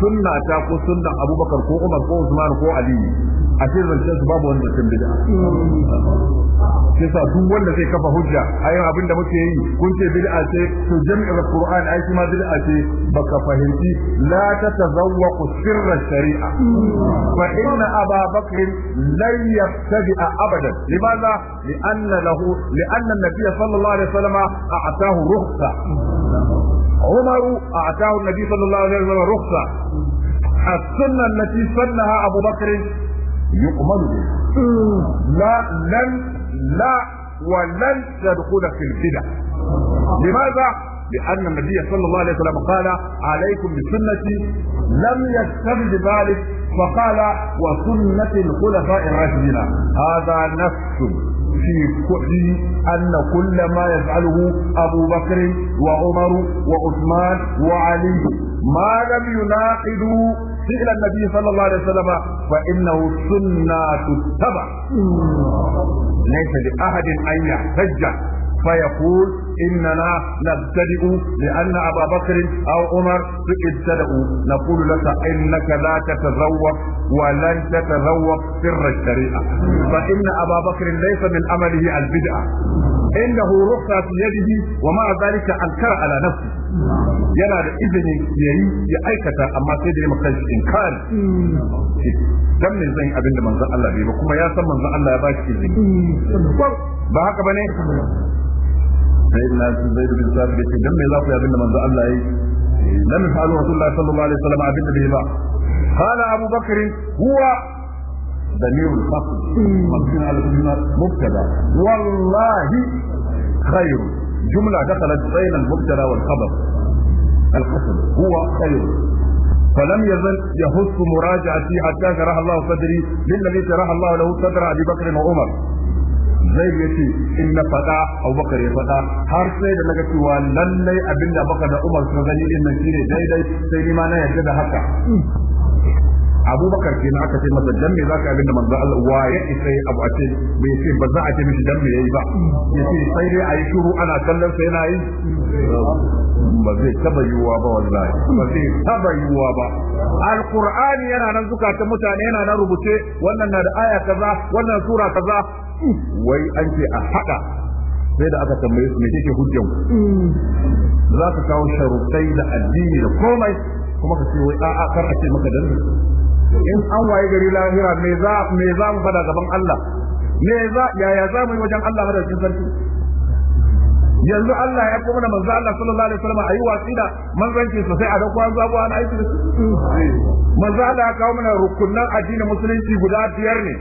sunna ta ko sunna abubakar ko umar ko usman ko ali a cikin zancen su babu wanda sun bid'a kisa duk wanda zai kafa hujja a ayin abinda muke yi kun ce bid'a ce to jami'ar qur'an ai kuma bid'a ce baka fahimci la tatazawwaqu sirra shari'a fa inna aba bakr lan yabtadi'a abadan limaza li'anna lahu li'anna an-nabiy sallallahu alaihi wasallam a'tahu rukhsa عمر أعطاه النبي صلى الله عليه وسلم رخصة السنة التي سنها أبو بكر يؤمن بها لا لن لا ولن تدخل في البدع لماذا؟ لأن النبي صلى الله عليه وسلم قال عليكم بسنتي لم يستبد ذلك فقال وسنة الخلفاء الراشدين هذا نفس في كل أن كل ما يفعله أبو بكر وعمر وعثمان وعلي ما لم يناقضوا فعل النبي صلى الله عليه وسلم فإنه سنة تتبع ليس لأحد أن يحتج فيقول إننا نبتدئ لأن أبا بكر أو عمر ابتدأوا نقول لك إنك لا تتذوق ولن تتذوق سر الشريعة فإن أبا بكر ليس من أمله البدعة إنه رخصة في يده ومع ذلك أنكر على نفسه yana da izini ya yi ya aikata amma sai da ya maka shi inkari dan me zan abin da manzon Allah bai ba kuma ya san manzon Allah ya ba shi izini ba haka bane زيد بن زيد بن ثابت دم لا يقي بن من ذا الله لم يفعل رسول الله صلى الله عليه وسلم عبد به ما قال ابو بكر هو دليل الفصل مبتدا على النار مبتدا والله خير جملة دخلت بين المبتدا والخبر القسم هو خير فلم يزل يهص مراجعتي حتى شرح الله صدري للذي شرح الله له صدر ابي بكر وعمر zaid ya ce in na faɗa abubakar ya faɗa har sai da naga cewa lallai abinda abubakar da umar sun gani din nan shine daidai sai ni ma na yarda da haka abubakar na aka ce masa dan me zaka abinda manzo Allah wa ya isa ya abu a ce bai ce ba za a ce mishi dan me yayi ba yace sai dai ayi shuru ana kallon sai yana yi ba zai taba yiwuwa ba wallahi ba zai taba yiwuwa ba alqur'ani yana nan zukatan mutane yana nan rubuce wannan na da aya kaza wannan sura kaza wai an ce a hada sai da aka tambaye su me kike hujjan za ka kawo sharuɗai da addini da komai kuma ka ce wai a'a kar a ce maka dan in an waye gari lahira me za me za mu fada gaban Allah me za yaya za mu yi wajen Allah madaukakin sarki yanzu Allah ya kuma da manzo Allah sallallahu alaihi wasallam ayi wasida da manzanci sosai a dauko zuwa abuwa na aiki da su manzo Allah ya kawo mana rukunan addinin musulunci guda biyar ne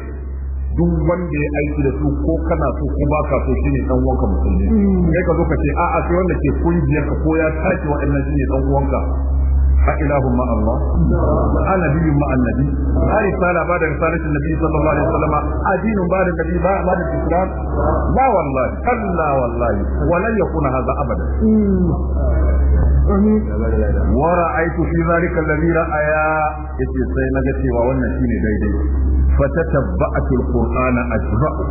duk wanda ya aiki da su ko kana so ko ba ka so shine dan uwanka musulmi kai ka zo ka ce a'a sai wanda ke kungiyar ka ko ya tashi wa'annan ne dan uwanka a ilahun Allah a nabiyin ma annabi a risala ba da risalatin nabi sallallahu alaihi wasallam adinun ba da nabi ba ba da islam la wallahi kalla wallahi wa abada wa ra'aytu fi dhalika alladhi ra'aya sai cewa wannan ne daidai fatatabba'atul qur'ana ajma'u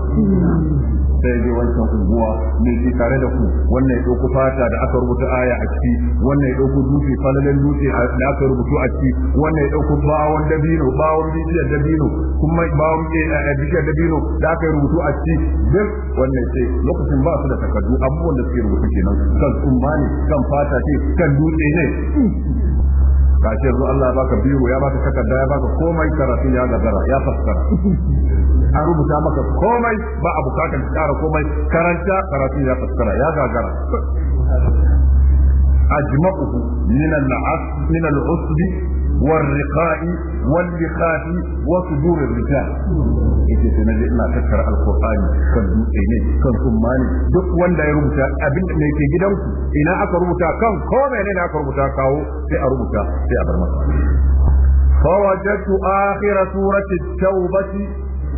sai dai wancan unguwa ne ke tare da ku wannan ya ɗauko fata da aka rubuta aya a ciki wannan ya ɗauko dutse falalen dutse da aka rubuta a ciki wannan ya ɗauko bawon dabino bawon bishiyar dabino kuma bawon bishiyar dabino da aka rubuta a ciki duk wannan ce lokacin ba su da takardu abubuwan da suke rubutu kenan kan tsumba ne kan fata ce kan dutse ne ka ce yanzu Allah ya baka biro ya baka takarda ya baka komai karatu ya gagara ya fassara an rubuta maka komai ba a bukatar tsara komai karanta karatu ya fassara ya gagara ajma'u min al-asb min al-usbi والرقاء واللقاء وصدور الرجال ita sai naje ina tattara alqur'ani kan dutse ne kan kuma ne duk wanda ya rubuta abin da yake gidanku ina aka rubuta kan ko na aka rubuta kawo sai a rubuta sai a bar masa فوجدت آخر سورة التوبة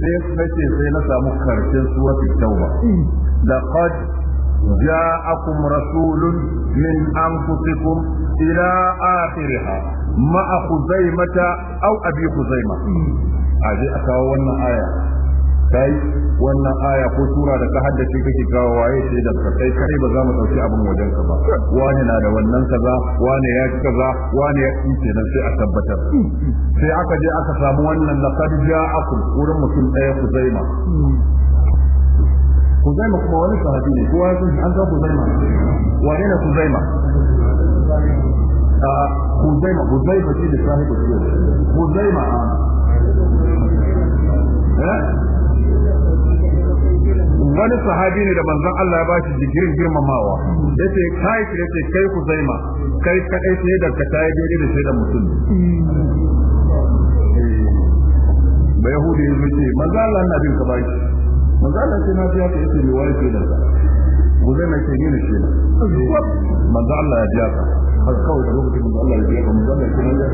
sai na samu karshen suratul tauba جاءكم رسول من أنفسكم إلى آخرها مع خزيمة أو أبي خزيمة أجي أكاو وانا آية kai wannan aya ko tura da ka haddace kake kawo waye sai da ka kai kai ba za mu dauki abin wajenka ba wani na da wannan kaza wani ya ci kaza wani ya ci kenan sai a tabbatar sai aka je aka samu wannan laqad ja'akum wurin mutum daya kuzaima Kuzaima kuma wani sahabi ne kowa sun an san Huzaima wane ne Huzaima a ah, ku Huzaima shi da sahibi ku Huzaima a eh? wani sahabi ne da manzon Allah ya bashi digirin girmamawa ce, kai ki ce, kai Huzaima kai kadai sai da ka yi daidai da sai da mutum eh. ba hudu ya ce manzo Allah na bin ka shi. manzo Allah sai na ji ya ce ne wai ke da guzai na ke ni ne ke manzo Allah ya ji haka har kawai da lokacin manzo Allah ya ji haka manzo Allah sai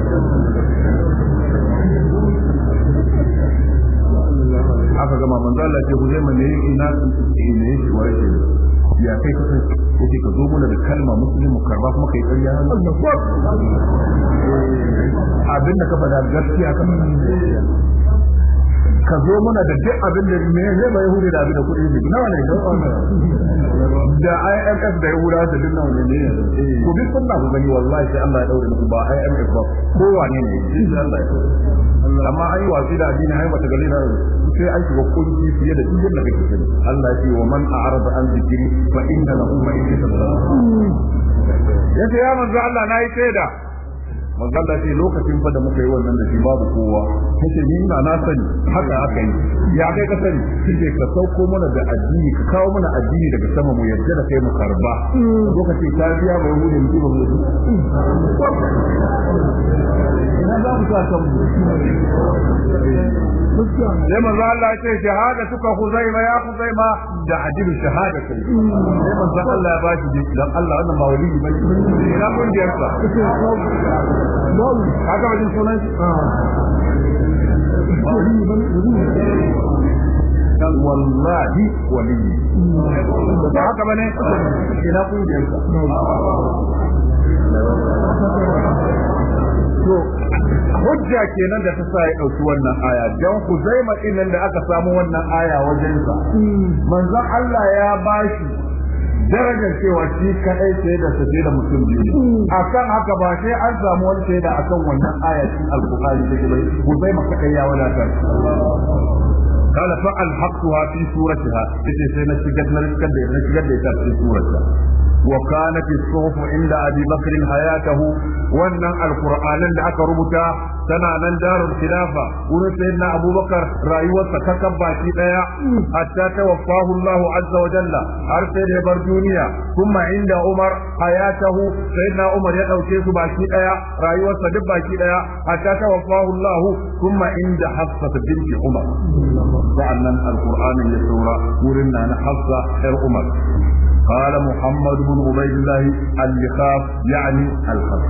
Haka aka gama manzo Allah ce guzai ne ina ne shi wai ke ya kai ka kace ka zo mana da kalma musulmi karba kuma kai ƙarya abin da ka faɗa gaskiya kamar ka zo mana da duk abin da ne ne ba yahudi da abin da kudi ne nawa ne da IMF da yahuda da duk nawa ne ne ku bi sunna ku gani wallahi sai Allah ya daure muku ba IMF ba ko wane ne amma ai wasi da addini ai bata gari na sai an shiga kungi fiye da dukkan da kake gani Allah ya ce wa man a'rada an zikri fa inna lahu ma'isatan ce ya manzo Allah nayi shaida manzala ce lokacin fa da muka yi wannan da shi babu kowa kace ni ina na sani haka aka yi ya kai ka sani kace ka sauko mana da addini ka kawo mana addini daga sama mu yarda da kai mu karba lokacin mm. ta biya ba mu ne mu ba mu ina za mu sa kan sai manzo Allah ce shahada tuka huzaima ya huzaima da adilu shahada kai mm. sai manzo Allah ya bashi dan Allah wannan ba wali ba ne ina mun dole ka ga wajen sunan wallahi waliyi ba haka bane ina kungiyar hujja kenan da ta sa ya dauki wannan aya don Huzaima din da aka samu wannan aya wajen hmm. manzon Allah ya bashi daraja cewa shi kadai sai da su da mutum biyu hmm. a kan haka ba sai an samu wani sai da a kan wannan ayatun alkuhari da gibai ku zai maka kai ya wadatar kala fa alhaqtuha fi suratiha ita sai na shigar da ita na shigar da وكانت الصحف عند أبي بكر حياته وأن القرآن اللي أكا ربطا سنة من دار الخلافة ورد سيدنا أبو بكر رأيوة تكبع شيئا حتى توفاه الله عز وجل أرسل بردونيا ثم عند عمر حياته سيدنا عمر يدعو شيخ باشيئا رأيوة تكبع شيئا حتى توفاه الله ثم عند حفصة بنت عمر فعلا القرآن يسورا ورنا نحفصة عمر قال محمد بن عبيد الله اللخاف يعني الخف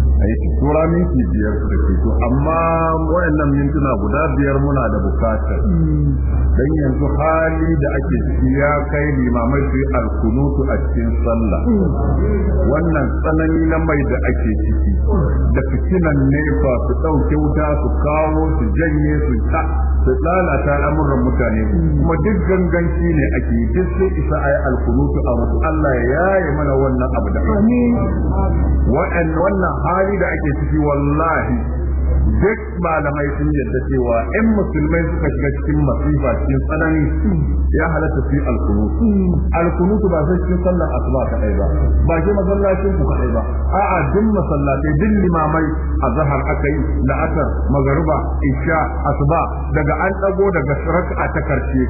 yi tura minti biyar da ke to amma wayannan mintuna guda biyar muna da bukatar dan yanzu hali da ake ciki ya kai limamai su alkunutu a cikin sallah wannan tsanani na mai da ake ciki da fitinan ne su ɗauke wuta su kawo su janye su ta su lalata al'amuran mutane kuma duk ganganci ne ake yi duk sai isa ayi alkunutu a mutu Allah ya yaye mana wannan abu da wannan hali da ake ciki wallahi duk malamai sun yadda cewa in musulmai suka shiga cikin masifa cikin tsanani ya halatta su alkunu alkunu ba sai cikin sallar asuba kadai ba ba ke masallacin ku kadai ba a'a duk masallatai duk limamai a zahar aka yi la'asar magariba isha asuba daga an dago daga raka'a ta karshe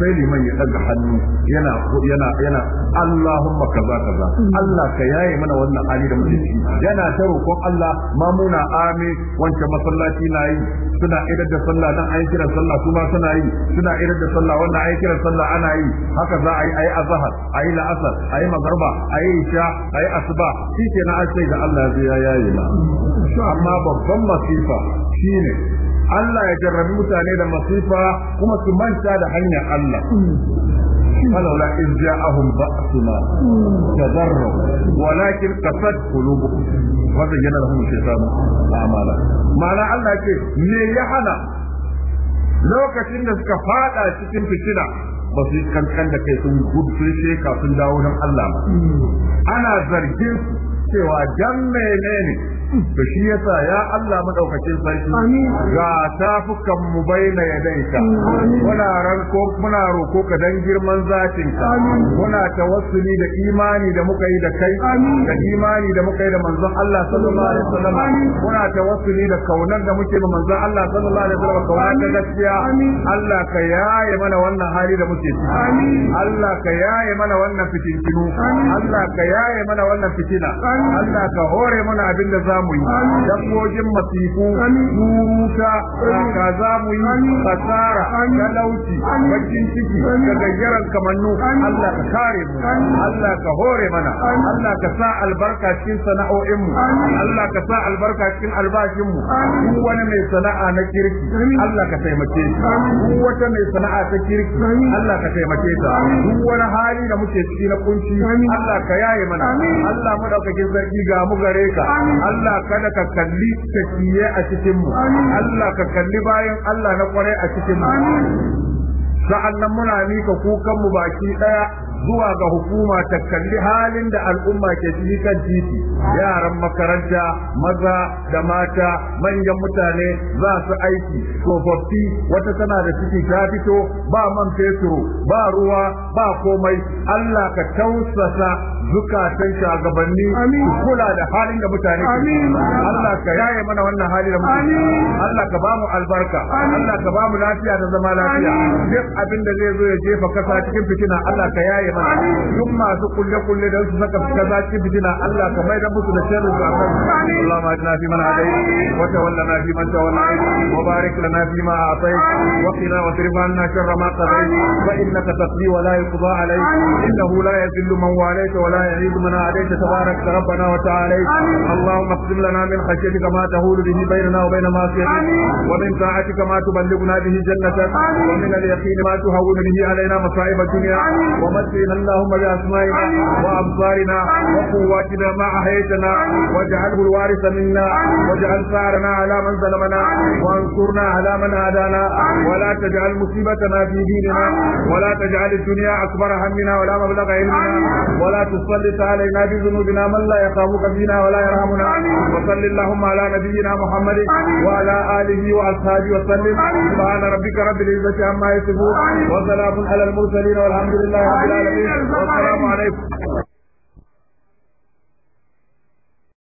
sai liman ya daga hannu yana yana yana Allahumma kaza kaza Allah ka yaye mana wannan hali da mutunci yana ta roƙon Allah mamuna amin wancan masallaci na yi suna idar da sallah nan ayi kiran sallah kuma suna yi suna idar da sallah wannan ayi kiran sallah ana yi haka za a yi ayi azhar ayi la'asar ayi magharba ayi isha ayi asuba shi ke na ashe ga Allah ya yayi na amma babban masifa shine Allah ya jarrabi mutane da masifa kuma su manta da hanyar Allah فلولا إذ جاءهم بأسنا تضروا ولكن قصد قلوبهم فزين لهم الشيطان أعمالا معنى الله كي ميحنا لو كتن سكفاتا تكن فتنة ba su yi kankan da kai sun gudu sun sheka sun dawo don Allah ba ana zargin su cewa dan menene to shi yasa ya Allah madaukakin sarki ga tafukan mu baina yadaika muna ranko muna roko ka dan girman zatin ka muna tawassuli da imani da muka yi da kai da imani da muka yi da manzon Allah sallallahu alaihi wasallam muna tawassuli da kaunar da muke da manzon Allah sallallahu alaihi wasallam kaunar da gaskiya Allah ka yaye mana wannan hali da muke ciki Allah ka yaye mana wannan fitintinu Allah ka yaye mana wannan fitina Allah ka hore mana abin da za mu yi dabbojin masifu muruta ka za mu yi kasara talauci bakin ciki da gayyaran kamannu Allah ka kare mu Allah ka hore mana Allah ka sa albarka cikin sana'o'in mu Allah ka sa albarka cikin albashin mu duk wani mai sana'a na kirki Allah ka taimake shi duk wata mai sana'a ta kirki Allah ka taimake ta duk wani hali da muke ciki na kunci Allah ka yaye mana Allah mu madaukakin sarki ga mu gare ka Allah Allah kada ka kalli tafiye a cikin mu Allah ka kalli bayan Allah na kwarai a cikin mu sa'an muna mika kukan mu baki daya zuwa ga hukuma ta kalli halin da al'umma ke ciki kan titi yaran makaranta maza da mata manyan mutane za su aiki tsofaffi wata tana da ciki ta fito ba man fetur ba ruwa ba komai Allah ka tausasa zukatan shugabanni su kula da halin da mutane ke Allah ka yaye mana wannan hali da mutane Allah ka bamu albarka Allah ka bamu lafiya da zama lafiya duk abin da zai zo ya jefa kasa cikin fitina Allah ka yaye mana duk masu kulle kulle da su saka kasa cikin fitina Allah ka mai da musu da sharri su akan Allah ma ajna fi man hadai wa tawallana fi man tawallai wa barik lana fi ma atai wa qina wa sirif anna sharra ma qadai fa innaka taqdi wa la yuqda alayk innahu la yadhillu man walayta wa la يعيد يعيب من عليك تبارك ربنا وتعالى اللهم اقسم لنا من خشيتك ما تهول به بيننا وبين معصيتك ومن طاعتك ما تبلغنا به جنتك ومن اليقين ما تهون به علينا مصائب الدنيا ومتعنا اللهم باسمائنا وابصارنا وقواتنا ما احييتنا واجعله الوارث منا واجعل ثارنا على من ظلمنا وانصرنا على من عادانا ولا تجعل مصيبتنا في ديننا ولا تجعل الدنيا اكبر همنا ولا مبلغ علمنا ولا تصيب تسلط علينا بذنوبنا من لا يخافك فينا ولا يرحمنا وصل اللهم على نبينا محمد وعلى آله وأصحابه وسلم سبحان ربك رب العزة عما يصفون وسلام على المرسلين والحمد لله رب العالمين والسلام عليكم